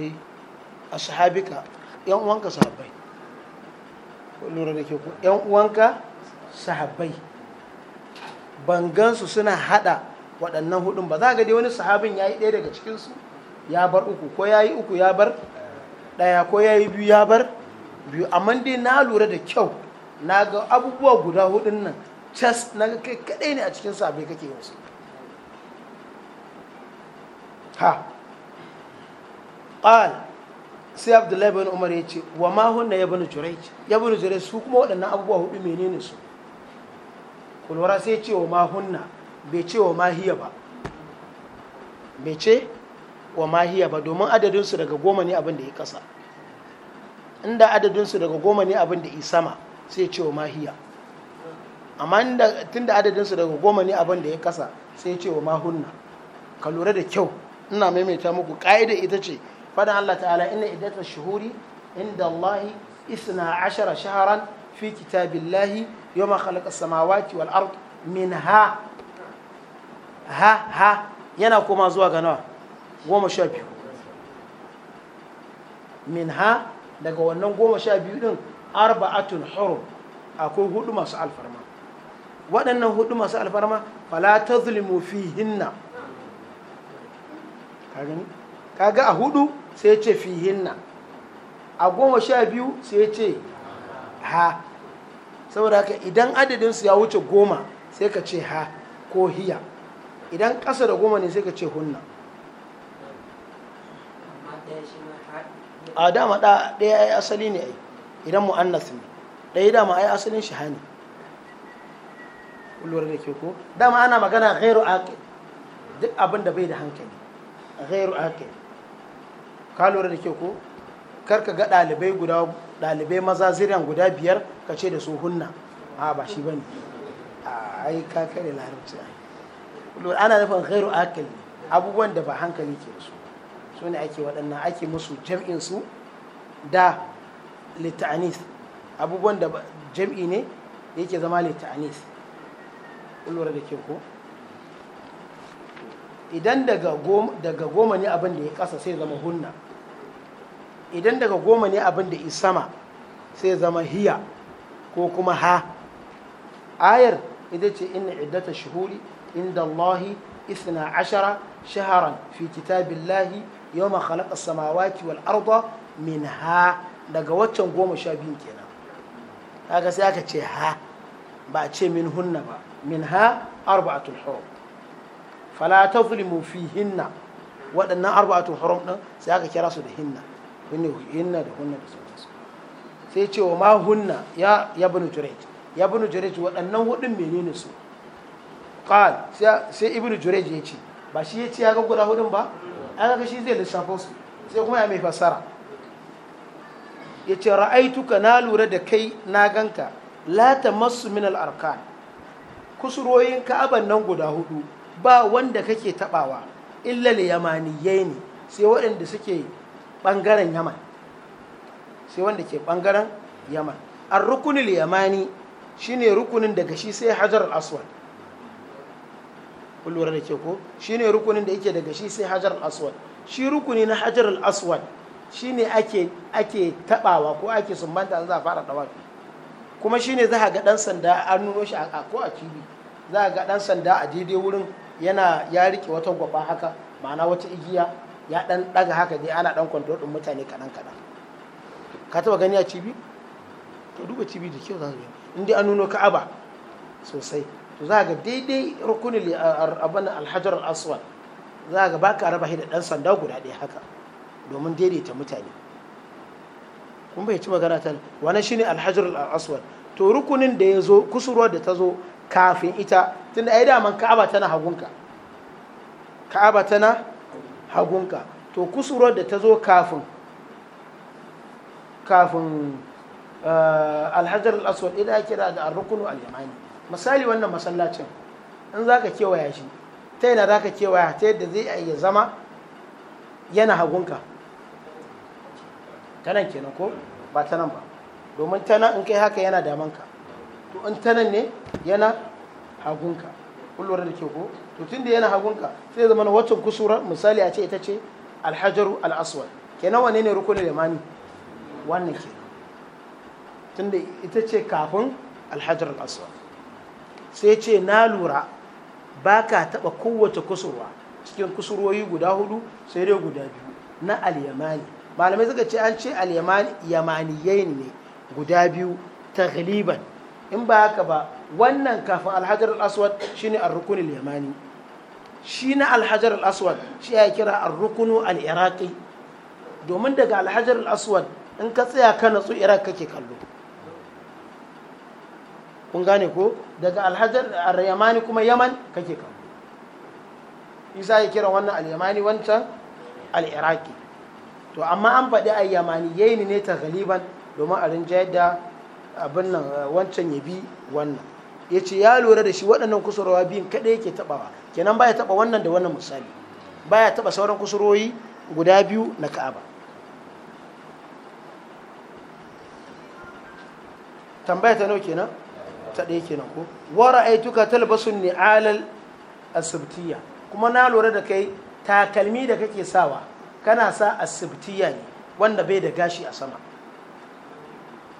eh, a sahabika yan uwanka sahabbai lura da ke ku yan uwanka sahabbai bangansu suna haɗa waɗannan hudun ba za ga dai wani sahabin ya yi ɗaya daga cikinsu ya bar uku ko ya yi uku ya bar ɗaya ko ya yi biyu ya bar biyu amma dai na lura da kyau na ga abubuwa guda hudun nan test na kai kadai ne a cikin sabai kake yin su ha ƙal sai abdullahi bin umar ya ce wa ma hunna ya bani jurayj ya bani jurayj su kuma waɗannan abubuwa hudu menene su kulwara sai ce wa ma hunna bai ce wa ma hiya ba bai ce wa ma hiya ba domin adadinsu daga goma ne abin da ya kasa inda adadinsu daga goma ne abin da ya sama sai ce wa ma hiya amma tun da adadinsu daga goma ne abin da ya kasa sai ce wa mahunna ka lura da kyau ina maimaita muku ƙa'ida ita ce fadin Allah ta'ala ina idata shahuri inda allahi isna ashara shaharan fi kitabillahi ma khalaqa samawati wal ard min ha ha ha yana koma zuwa ga nawa goma sha biyu min ha daga wannan goma sha biyu din arba'atun hurum akwai hudu masu alfarma waɗannan hudu masu alfarma fala ta zulmu hinna kaga a hudu sai ce hinna a goma sha biyu sai ce ha saboda haka idan adadinsu ya wuce goma sai ka ce ha ko hiya idan ƙasa da goma ne sai ka ce hunna a dama ɗaya ya asali ne ai idan mu'annas ne ɗaya dama ai asalin shi hannu kullum da ke ko dama ana magana ghairu aqil duk abin da bai da hankali ghairu aqil ka lura da ke ko kar ka ga ɗalibai guda dalibai maza ziryan guda biyar ka ce da su hunna a ba shi bane ai ka kare larabci ai ana nufin ghairu aqil abubuwan da ba hankali ke su su ne ake waɗannan ake musu jam'in su da litanis abubuwan da jam'i ne yake zama litanis. lura da ke ko idan daga goma ne abin da ya kasa sai zama hunna idan daga goma ne abin da isama sai zama hiya ko kuma ha ayar ita ce inna iddata shuhuri inda Allahi isna ashara shaharan fi kitabillahi ma khalaqa samawati wal arda min ha daga waccan goma sha biyun kenan kaga sai aka ce ha ba a ce min hunna ba منها أربعة hurum fala تظلموا فيهن waɗannan أربعة hurum din sai aka kira su da hinna hinna da hunna da sai ce wa ma hunna ya ya ibn jurayj ya waɗannan hudun su qal sai ibn jurayj ya ce ba shi ya ce ya ga guda hudun ba a ga shi zai lissafo su sai kuma ya mai fasara ya ce ra'aituka na lura da kai na ganka la masu minal al'arkan kusurwoyin ka'aban nan guda hudu ba wanda kake tabawa illal yamaniyai ne sai waɗanda suke ɓangaren yaman sai wanda ke ɓangaren yaman an rukunin yamani shine rukunin daga shi sai hajar Aswal. aswad kullum da ke ko shine rukunin da yake daga shi sai hajar Aswal. aswad shi rukuni na hajar Aswal aswad shine ake ake tabawa ko ake sumbanta za a fara ɗawa kuma shine za a ga ɗan sanda an nuno shi a ko a kibi za a ga ɗan sanda a daidai wurin yana ya rike wata gwaba haka ma'ana wata igiya ya ɗan ɗaga haka dai ana ɗan kwanto mutane kaɗan kaɗan ka taɓa gani a cibi to duba cibi da kyau za su gani in dai an nuno ka'aba sosai to za ga daidai rukunin abin alhajar aswad za ga baka raba shi da ɗan sanda guda ɗaya haka domin daidaita mutane kun bai ci magana ta wani shine alhajar al'aswar to rukunin da ya zo kusurwa da ta zo kafin ita tun da ai daman ka'aba tana hagunka ka'aba tana hagunka to kusurwa da ta zo kafin kafin eh, alhajar al'aswar ina kira da rukunu al-yamani misali wannan masallacin in za ka kewaya shi ta yana za ka kewaya ta yadda zai iya zama yana hagunka ta nan kenan ko ba ta nan ba domin ta nan in kai haka yana damanka to in ta nan ne yana hagunka kullum da ke ko to tunda yana hagunka sai zama wacce kusura misali a ce ita ce alhajaru al'aswad kenan wane ne rukunin limami wannan ke tunda ita ce kafin alhajar al'aswad sai ce na lura ba ka taɓa kowace kusurwa cikin kusurwoyi guda hudu sai dai guda biyu na al malamai suka ce an ce al-yamaniyai ne guda biyu tagliban in ba haka ba wannan kafin alhajar al-aswad shine ar al-yamani shi na alhajar al-aswad shi ya kira ar-rukunu al iraki domin daga alhajar al-aswad in ka tsaya ka natsu iraq kake kallo kun gane ko daga alhajar al-yamani kuma yaman kake kallo isa ya kira wannan al-yamani wancan al iraki to amma an faɗi ayyamani yayin ne ta galiban domin a rinjayar da abin nan eh, wancan ya bi wannan ya ce ya lura da shi waɗannan kusurwa biyun kaɗai yake taɓawa kenan baya taɓa wannan da wannan misali baya taɓa sauran kusurwoyi guda biyu na ka'aba tambaya ta nau kenan ta ɗaya kenan ko wara aituka talbasun alal asibtiya kuma na lura da kai takalmi da kake sawa kana sa asibtiya ne wanda bai da gashi a sama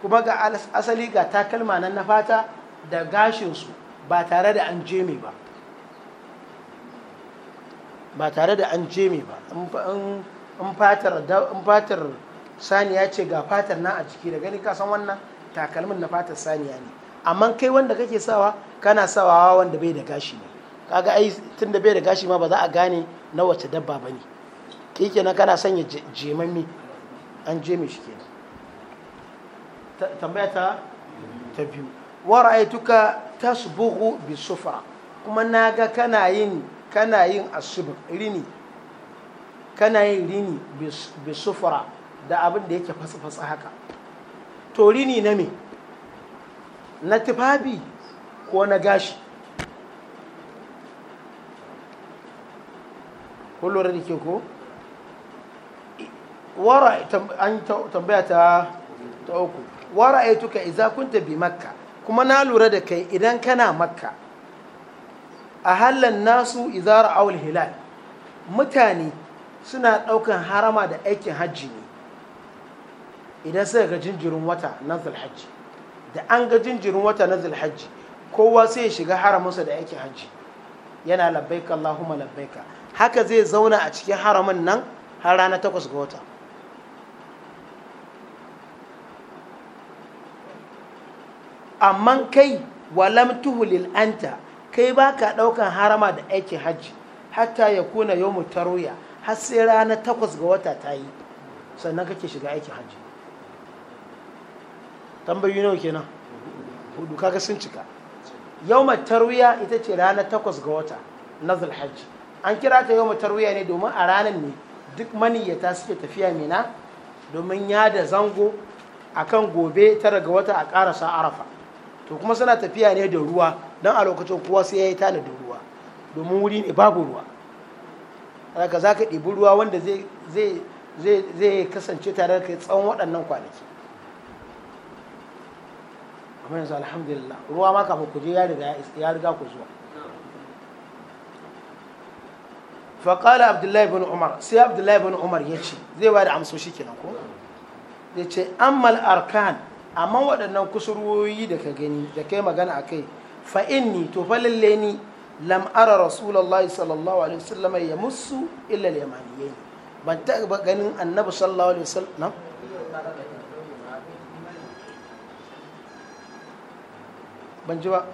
kuma ga asali ga takalma nan na fata da gashinsu ba tare da an jeme ba ba tare da an jeme ba in fatar saniya ce ga fatar na a jiki da gani kasan wannan takalmin na fatar saniya ne amma kai wanda kake sawa kana sawa wanda bai da gashi ne kaga ai tun da bai da gashi ma ba za a gane na wace dabba ba ne kai kenan kana sanya jimami an je mai shi kenan tambaya ta ta biyu wa ra'aytuka tasbughu bi sufra kuma naga kana yin kana yin asubur rini kana yin rini bi sufra da abin da yake fasa-fasa haka to rini na me na tufafi ko na gashi kullum da ke ko wara an tambaya ta ta uku wara kunta bi makka kuma na lura da kai idan kana makka a hallan nasu iza ra'awul hilal mutane suna daukan harama da aikin hajji ne idan suka ga jinjirin wata na zulhajji da an ga jinjirin wata na zulhajji kowa sai ya shiga haramunsa da aikin hajji yana labbaika allahumma labbaika haka zai zauna a cikin haramin nan har rana takwas ga wata amma kai walam tuhulil anta kai baka ɗaukan harama da aikin hajji hatta ya kuna yau mu taruya har sai ranar takwas ga wata ta yi sannan kake shiga aikin hajji tambayi nawa kenan hudu kaga sun cika yau mu taruya ita ce ranar takwas ga wata nazar hajji an kira ta yau mu taruya ne domin a ranar ne duk maniyyata suke tafiya mina domin ya da zango akan gobe tara ga wata a ƙarasa arafa to kuma suna tafiya ne da ruwa don a lokacin kuwa sai ya yi tana da ruwa domin wuri ne babu ruwa haka za ka ɗibi ruwa wanda zai kasance tare da kai tsawon waɗannan kwanaki amma yanzu alhamdulillah ruwa ma kafin ku je ya riga ku zuwa faƙala abdullahi bin umar sai abdullahi bin umar ya ce zai ba da amsoshi kenan ko ya ce ammal arkan amma waɗannan kusurwoyi da ka gani da kai magana a kai fa inni to fa lalle ni lam ara rasulullahi sallallahu alaihi wasallam ya musu illa yamaniyai ban taɓa ganin annabi sallallahu alaihi wasallam ban ji ba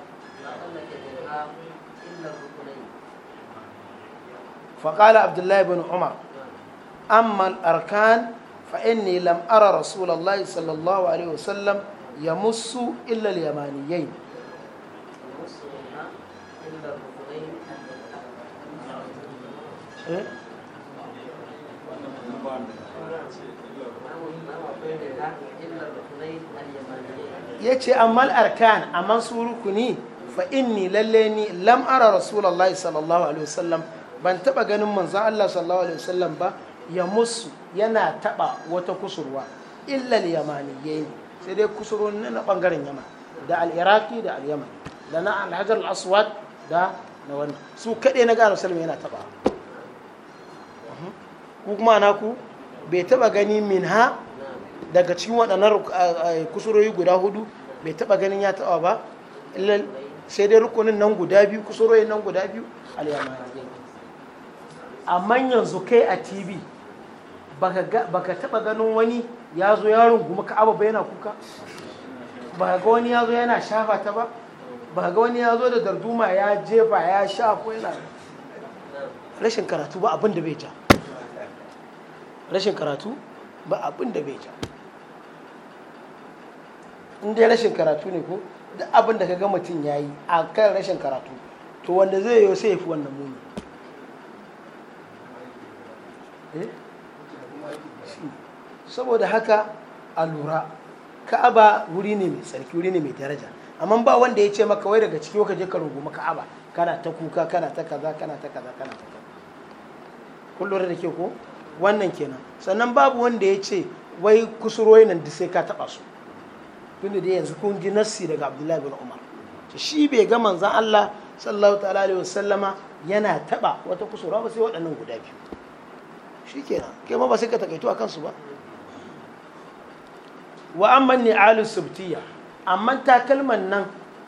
فقال عبد الله بن عمر أما الأركان فإني لم أرى رسول الله صلى الله عليه وسلم يمس إلا اليمانيين ya ce arkan amma su rukuni fa inni lalle ni lam ara rasulullahi sallallahu alaihi wasallam ban taba ganin manzo Allah sallallahu alaihi wasallam ba ya musu yana taɓa wata kusurwa illal yamaniyai ne sai dai kusurwanni na ɓangaren yama da Al-Iraqi da al al-yaman da na al Aswad da na wannan su kaɗai na gano salmi yana taɓa ku kuma na ku bai taɓa gani min ha daga cikin waɗannan eh, eh, kusurori guda hudu bai taɓa ganin ya taɓa ba sai dai rukunin nan guda biyu kusurori nan guda biyu al al'yamaniyai amma yanzu kai a tv baka taba ganin wani ya zo yaron rungumi ka'aba ba yana kuka ba ga wani ya zo yana shafa ta ba ba ga wani ya zo da darduma ya jefa ya shafa yana rashin karatu ba abin da bai ja rashin karatu ba abin da bai ja in dai rashin karatu ne ko duk abin da ka ga mutum ya yi a kan rashin karatu to wanda zai yi sai ya fi wannan muni eh saboda haka a lura ka'aba wuri ne mai tsarki wuri ne mai daraja amma ba wanda ya ce maka wai daga ciki ka je ka rungumi ka'aba kana ta kuka kana ta kaza kana ta kaza kana ta kaza kullum da ke ko wannan kenan sannan babu wanda ya ce wai kusurwoyi nan da sai ka taba su tunda da yanzu kun ji nassi daga abdullahi bin umar shi bai ga manzan allah sallallahu ta'ala alaihi wasallama yana taba wata kusura ba sai waɗannan guda biyu shi kenan kai ma ba sai ka takaito a kansu ba wa amman alu subtiya amma takalman nan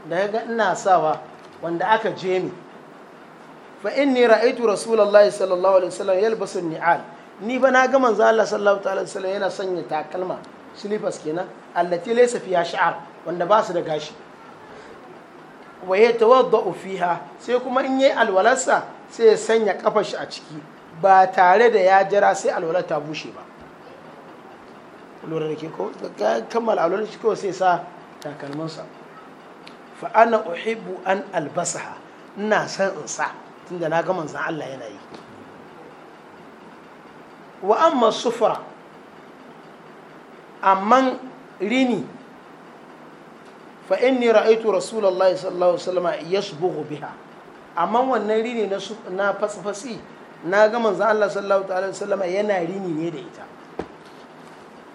da ga ina sawa wanda aka je ni fa inni ra'aytu rasulullahi sallallahu alaihi wasallam yalbasu ni'al ni ba na ga manzo Allah sallallahu alaihi wasallam yana sanya takalma silifas kenan allati laysa fiha sha'ar wanda ba su da gashi wa yatawaddau fiha sai kuma in yayi alwalarsa sai ya sanya kafar shi a ciki ba tare da ya jira sai alwalar ta bushe ba lura da ke ko kammala alwala shi kawai sai sa takalminsa fa ana uhibbu an albasaha ina san in sa tunda na ga manzon Allah yana yi wa amma sufra amman rini fa inni ra'aytu rasulullahi sallallahu alaihi wasallam yasbughu biha amma wannan rini na na fasfasi na gama manzon Allah sallallahu alaihi wasallam yana rini ne da ita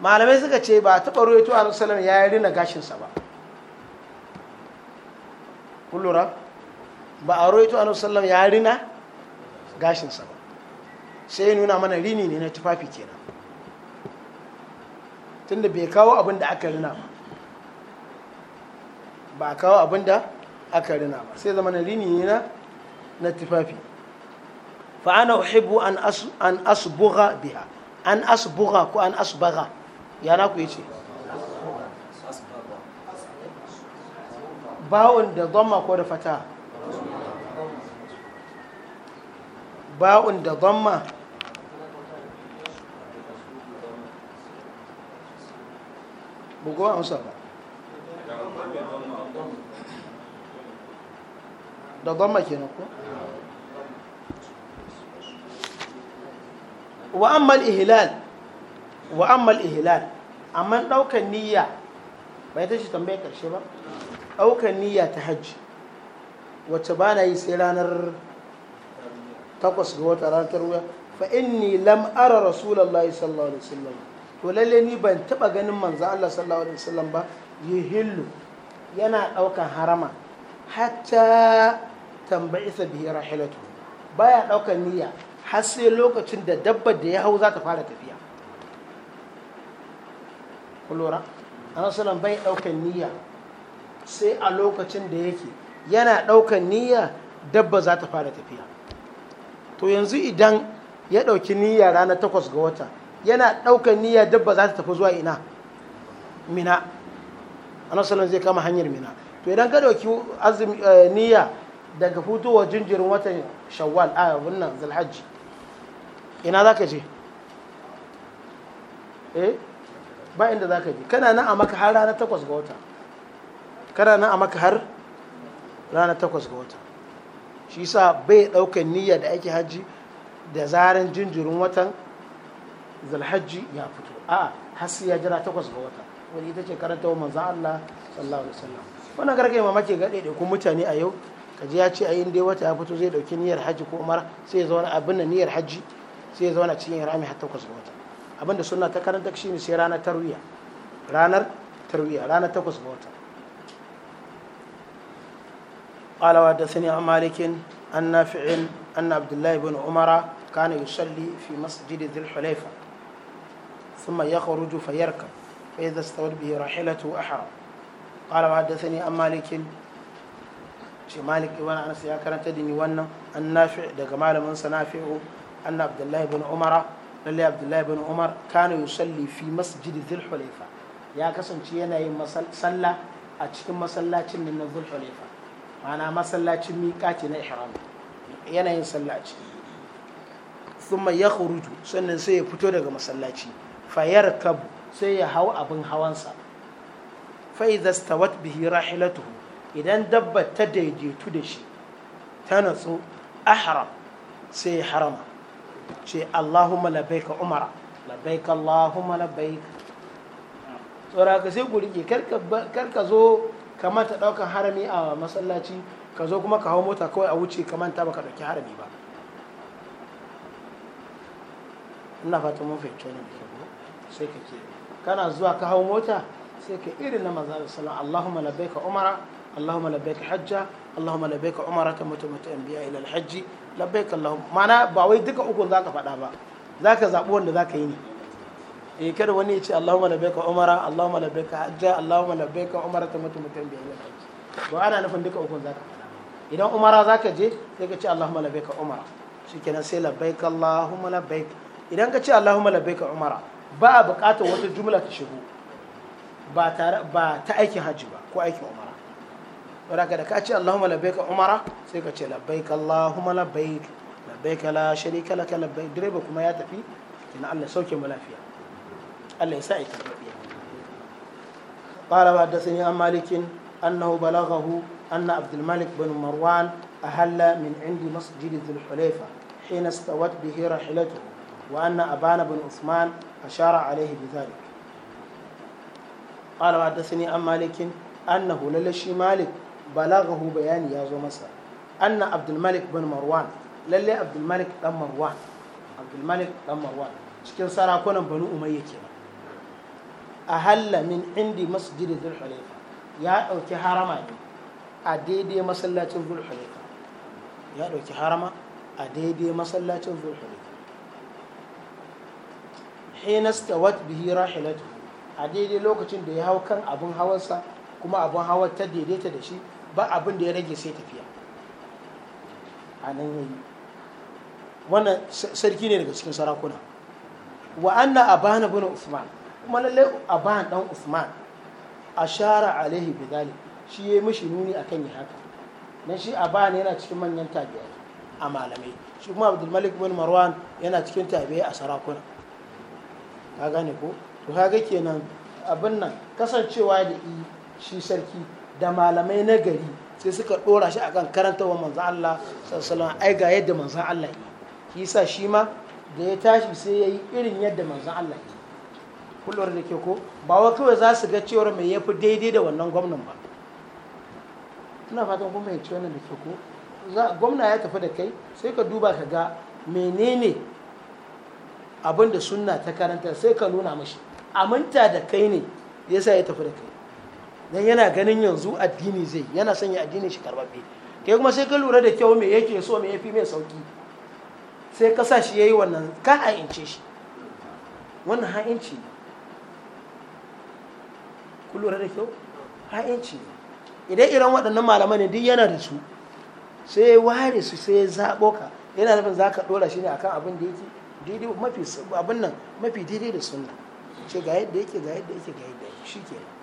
malamai suka ce ba taɓa ruwa ruwaito a salam ya yi rina gashinsa ba kullura ba a ruwa ruwaito a salam ya rina gashinsa ba sai ya nuna mana rini ne na tufafi kenan tunda bai kawo abin da aka rina ba ba a kawo abin da aka rina ba sai zama na rini ne na na tufafi fa'ana uhibbu an asbuga biha an asbuga ko an asbaga ya na ku yace ba'un da zama ko da fata ba'un da dhamma bugo amsa ba da dhamma kenan ku? wa amma al-ihlal wa ammal ihlal amma ɗaukan niyya bai ta shi tambayar ƙarshe ba ɗaukan niyya ta hajji wacce ba na yi sai ranar takwas ga wata ranar wuya fa inni lam ara rasulallah sallallahu alaihi wasallam to lalle ni ban taba ganin manzo Allah sallallahu alaihi wasallam ba yihillu yana ɗaukan harama hatta tambayi bihi rahilatu baya ɗaukan niyya har sai lokacin da dabbar da ya hau za ta fara tafiya kullura anasalan bai daukan niyya sai a lokacin da yake yana daukan niyya dabba za ta fara tafiya to yanzu idan ya ɗauki niyya rana takwas ga wata yana daukan niyya dabba za ta tafi zuwa ina mina anasalan zai kama hanyar mina to idan ka ɗauki eh, niyya daga fitowa jinjirin watan shawwal a wannan zalhajji ina za ka je eh ba inda za ka je kana nan a maka har ranar takwas ga wata kana nan a maka har ranar takwas ga wata shi sa bai ɗaukar niyya da ake hajji da zaren jinjirin watan zalhajji ya fito a hasi ya jira takwas ga wata wani ita ce karanta wa manzan Allah sallallahu alaihi wasallam wannan karkai mamaki ga kun mutane a yau kaji ya ce a yin dai wata ya fito zai ɗauki niyyar hajji ko umar sai ya zauna abin niyyar hajji sai ya zauna cikin rami har takwas ga wata abinda suna ta karanta shi ne sai ranar tarwiya ranar tarwiya ranar takwas ga wata qalawa da sani a malikin an nafi'in an abdullahi bin umara kana yusalli fi masjid dil hulaifa thumma yakhruju fa yarka fa idha stawa bihi rahilatu ahram qala wa hadathani an malikin shi malik ibn anas ya karanta dini wannan an nafi daga malamin sa nafi'u anna abdullahi ibn umara lalle abdullahi bin umar kana yusalli fi masjidi dhul hulaifa ya kasance yana yin sallah a cikin masallacin nan na dhul hulaifa ma'ana masallacin miƙati na ihram yana yin sallah a ciki thumma yakhruju sannan sai ya fito daga masallaci fayarkab sai ya hau abin hawansa fa idza stawat bihi rahilatuhu idan dabba ta daidaitu da shi ta natsu ahram sai harama ce Allahumma labbaika umara labbaika Allahumma labbaika tsora ka sai ku rike kar ka zo daukan harami a masallaci ka zo kuma ka hau mota kawai a wuce ka manta baka dauki harami ba ina fata mun fahimci da kyau sai ka ke kana zuwa ka hau mota sai ka irin na manzo sallallahu Allahumma labbaika umara Allahumma labbaika hajja Allahumma labbaika umara ta mutumta anbiya ila hajji labbaik Allahum mana ba wai duka ukun zaka faɗa ba zaka zaɓi wanda zaka yi ne eh kada wani ya ce Allahumma labbaika umara Allahumma labbaika hajja Allahumma labbaika umara ta mutum mutum bai yana ba ana nufin duka ukun zaka faɗa idan umara zaka je sai ka ce Allahumma labbaika umara shikenan sai labbaik Allahumma labbaik idan ka ce Allahumma labbaika umara ba a buƙatar wata jumla ta shigo ba ta aikin hajji ba ko aikin umara wadaka da ka ce Allahumma labbaika umara sai ka ce labbaika Allahumma labbaik labbaika la sharika laka labbaik direba kuma ya tafi kina Allah sauke mu lafiya Allah ya sa ita lafiya qala wa hadathani an malikin annahu balaghahu anna abdul malik bin marwan ahalla min indi masjid dhul hulayfa hina istawat bihi rahilatuhu wa anna abana bin usman ashara alayhi bidhalik qala wa hadathani an malikin annahu lalashi malik balagahu bayani ya zo masa anna abdulmalik bin marwan lalle abdulmalik dan marwan abdulmalik dan marwan cikin sarakunan banu umayya A halla min indi masjid dhul hulaifa ya dauki harama ne a daidai masallacin dhul hulaifa ya dauki harama a daidai masallacin dhul hulaifa hina stawat bihi rahilatu a daidai lokacin da ya hau kan abun hawansa kuma abun hawar ta daidaita da shi ba abin da ya rage sai tafiya a nan yi wannan sarki ne daga cikin sarakuna wa anna abana bin usman kuma lalle aban dan usman ashara alaihi bidali shi yayi mishi nuni akan yi haka dan shi aban yana cikin manyan tabi'ai a malamai shi kuma abdul malik bin marwan yana cikin tabi'ai a sarakuna ka gane ko to kaga kenan abin nan kasancewa da shi sarki da malamai na gari sai suka dora shi akan wa manzan Allah sallallahu ai ga yadda manzan Allah yi shi sa shi ma da ya tashi sai ya yi irin yadda manzan Allah yi kullum da ke ko ba wa kawai za su ga cewar mai yafi daidai da wannan gwamnan ba ina fatan kuma ya ci wannan da ke ko gwamna ya tafi da kai sai ka duba ka ga menene abin da sunna ta karanta sai ka nuna mashi aminta da kai ne yasa ya tafi da kai don yana ganin yanzu addini zai yana sanya addini shi karbabbe ke kuma sai ka lura da kyau me yake so me yafi mai sauki sai ka sa shi yayi wannan ka ha'ince shi wannan ha'inci ne ku lura da kyau ha'inci ne idan irin waɗannan malaman ne duk yana da su sai ware su sai ya zaɓo ka yana nufin za ka ɗora shi ne akan abin da yake daidai mafi abin nan mafi daidai da sunna ce ga yadda yake ga yadda yake ga yadda yake shi kenan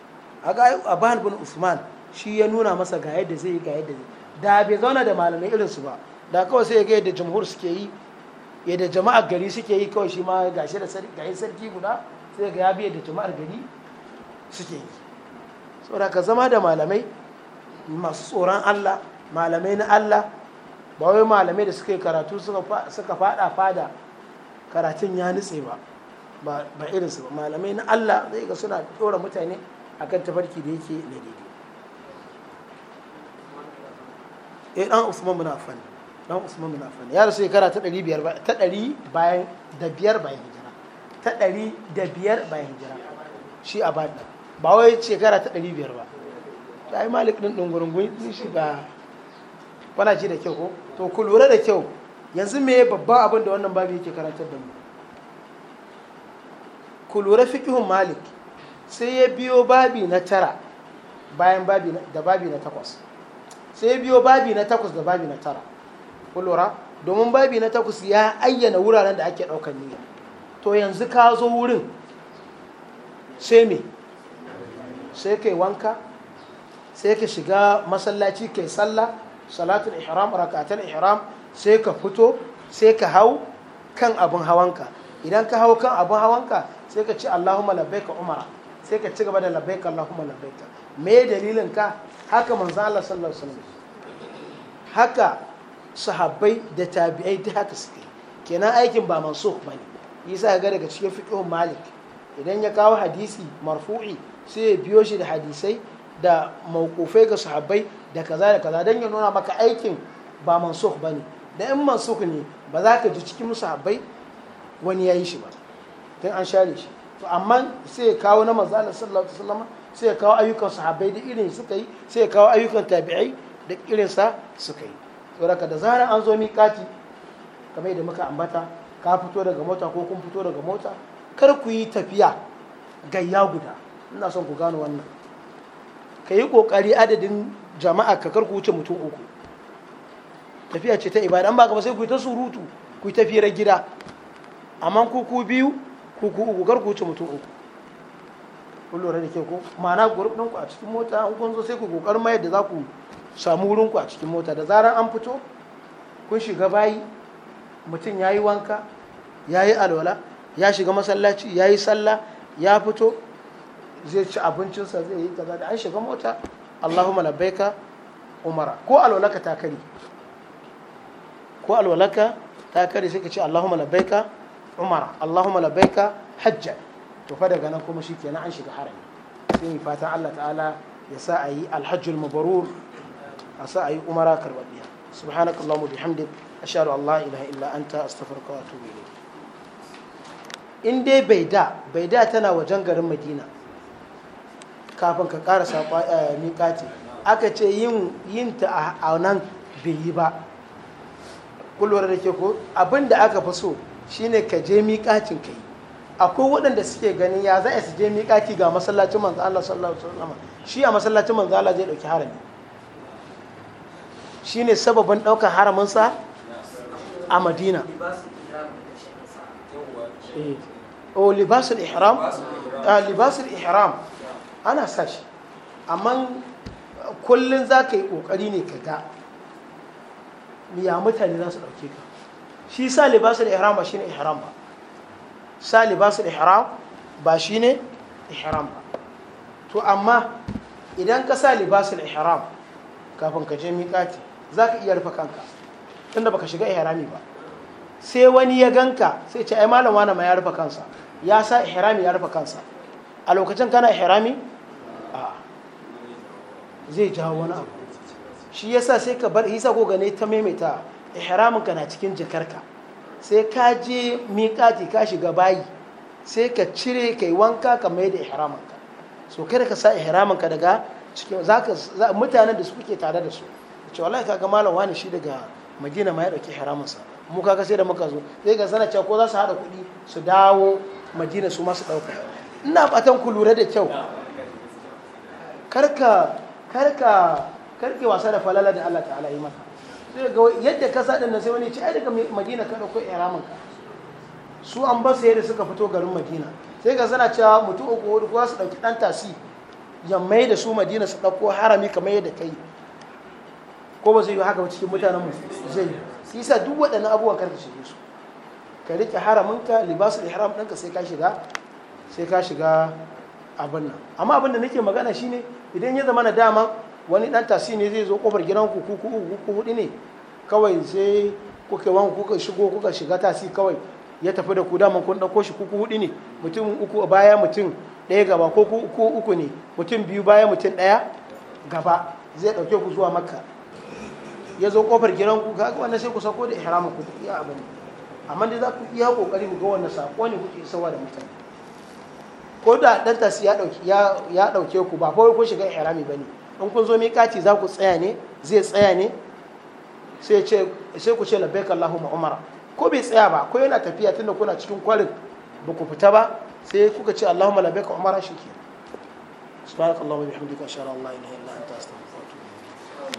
a ga bin usman shi ya nuna masa ga yadda zai yi ga yadda zai da bai zauna da malamai irin su ba da kawai sai ya ga yadda jamhur suke yi yadda jama'ar gari suke yi kawai shi ma gashi da sarki guda sai ga ya biya da jama'ar gari suke yi saboda ka zama da malamai masu tsoron Allah malamai na Allah ba wai malamai da suka yi karatu suka fada fada karatun ya nutse ba ba irinsu ba malamai na Allah zai ga suna ɗora mutane akan tafarki da yake na daidai eh dan Usman bin Affan dan Usman bin Affan ya rasu shekara ta 500 ta 100 bayan da biyar bayan hijira ta 100 da biyar bayan hijira shi a bada ba wai shekara ta 500 ba to ai Malik din dungurungun shi ba kwana ji da kyau ko to ku lura da kyau yanzu me babban abin da wannan babu yake karantar da mu ku lura fiqhun Malik sai ya biyo babi na tara bayan babi da babi na takwas sai ya biyo babi na takwas da babi na tara kulura domin babi na takwas ya ayyana wuraren da ake ɗaukar niyya to yanzu ka zo wurin sai me sai kai wanka sai ka shiga masallaci kai sallah salatul ihram rakatul ihram sai ka fito sai ka hau kan abin hawanka idan ka hau kan abin hawanka sai ka ce allahumma labbaika umara sai ka ci gaba da labbaik Allahumma labbaik me dalilin ka haka manzo Allah sallallahu alaihi wasallam haka sahabbai da tabi'ai ta haka suke kenan aikin ba mansukh bane yasa ga daga cikin fiqh Malik idan ya kawo hadisi marfu'i sai ya biyo shi da hadisai da mawqufai ga sahabbai da kaza da kaza dan ya nuna maka aikin ba mansukh bane da in mansukh ne ba za ka ji cikin sahabbai wani yayi shi ba tun an share shi to amma sai ya kawo na manzo Allah sallallahu alaihi wasallam sai ya kawo ayyukan sahabbai da irin suka yi sai ya kawo ayyukan tabi'ai da irin sa suka yi raka da zaran an zo miƙati kamar yadda muka ambata ka fito daga mota ko kun fito daga mota kar ku yi tafiya gayya guda ina son ku gano wannan ka yi ƙoƙari adadin jama'a ka kar ku wuce mutum uku tafiya ce ta ibada an ba ka ba sai ku yi ta surutu ku yi tafiyar gida amma ku ku biyu ku ku uku garku wuce mutum uku kun lura da ke ko ma'ana gurbin ku a cikin mota an kun zo sai ku kokar mai da za ku samu wurinku a cikin mota da zarar an fito kun shiga bayi mutum ya yi wanka ya yi alwala ya shiga masallaci ya yi sallah ya fito zai ci abincinsa zai yi kaza da an shiga mota allahumma labbaika umara ko alwalaka ta kare ko alwalaka ta kare sai ka ce allahumma labbaika umara allahumma labbaika hajja to fa daga nan kuma shikenan an shiga harami sai fatan Allah ta'ala ya sa a yi alhajjul a sa a yi umara karbabbiya subhanakallahumma bihamdik asharu Allah ilaha illa anta astaghfiruka wa atubu ilayk in dai bai da bai da tana wajen garin madina kafin ka karasa eh, miƙati aka ce yin ta a nan bai yi ba kullum da ke ko abin da aka fi so shine ka je miƙacin kai akwai waɗanda suke ganin ya za su je miƙaci ga masallacin manzo Allah sallallahu alaihi wasallam shi a masallacin manzo Allah zai dauki harami shine sababin ɗaukar haramin sa a Madina eh, o oh, libasul ihram ah, libasul ihram ana sashi. amma kullun za ka yi ƙoƙari ne ka ga ya mutane za su dauke ka shi sa libasul ihram ba shine ihram ba sa libasul ihram ba shine ihram ba to amma idan ka sa libasul ihram kafin ka je miƙati za ka iya rufe kanka tunda baka shiga ihrami ba sai wani ya ganka sai ce ai malam wani ma ya rufe kansa ya sa ihrami ya rufe kansa a lokacin kana ihrami a zai jawo wani abu shi yasa sai ka bar hisa ko gane ta maimaita ihraminka na cikin jakarka sai ka je miƙati ka shiga bayi sai ka cire kai wanka ka mai da ihraminka so kada ka sa ihraminka daga cikin zaka mutanen da suke tare da su ce wallahi kaga malam wani shi daga Madina ma ya dauki ihraminsa mu ga sai da muka zo sai ga sana cewa ko za su hada kuɗi su dawo Madina su ma su dauka ina fatan ku lura da kyau karka karka karki wasa da falala da Allah ta'ala yi maka sai ga yadda ka sa dinnan sai wani ce ai daga madina ka dauko ihramin ka su an ba su yadda suka fito garin madina sai ga sana cewa mutum uku hudu kuwa su dauki dan tasi mai da su madina su dauko harami kamar yadda kai ko ba zai yi haka cikin mutanen mu zai yi yi sa duk waɗannan abubuwan karka shige su ka rike haraminka libasul ihram ɗinka sai ka shiga sai ka shiga abin nan amma abin da nake magana shine idan ya zama na dama wani dan tasi ne zai zo kofar gidanku ku ku ku hudu ne kawai sai kuka wan kuka shigo kuka shiga tasi kawai ya tafi da ku Dama kun dauko shi ku hudu ne mutum uku a baya mutum daya gaba ko ku uku ne mutum biyu baya mutum daya gaba zai dauke ku zuwa makka ya zo kofar gidanku kaga wannan sai ku sako da ihramin ku iya abin amma dai za ku iya kokari ku ga wannan sako ne kuke sawa da mutane ko da dan tasi ya dauke ku ba kawai kun shiga ihrami bane in kun zo miƙaci za ku tsaya ne zai tsaya ne sai ku ce labbaik Allahumma umara ko bai tsaya ba ko yana tafiya tunda kuna cikin kwarin ba ku fita ba sai kuka ce Allahumma labbaik umara shi shikenan subhanakallahumma bihamdika ashhadu an la ilaha illa anta astaghfiruka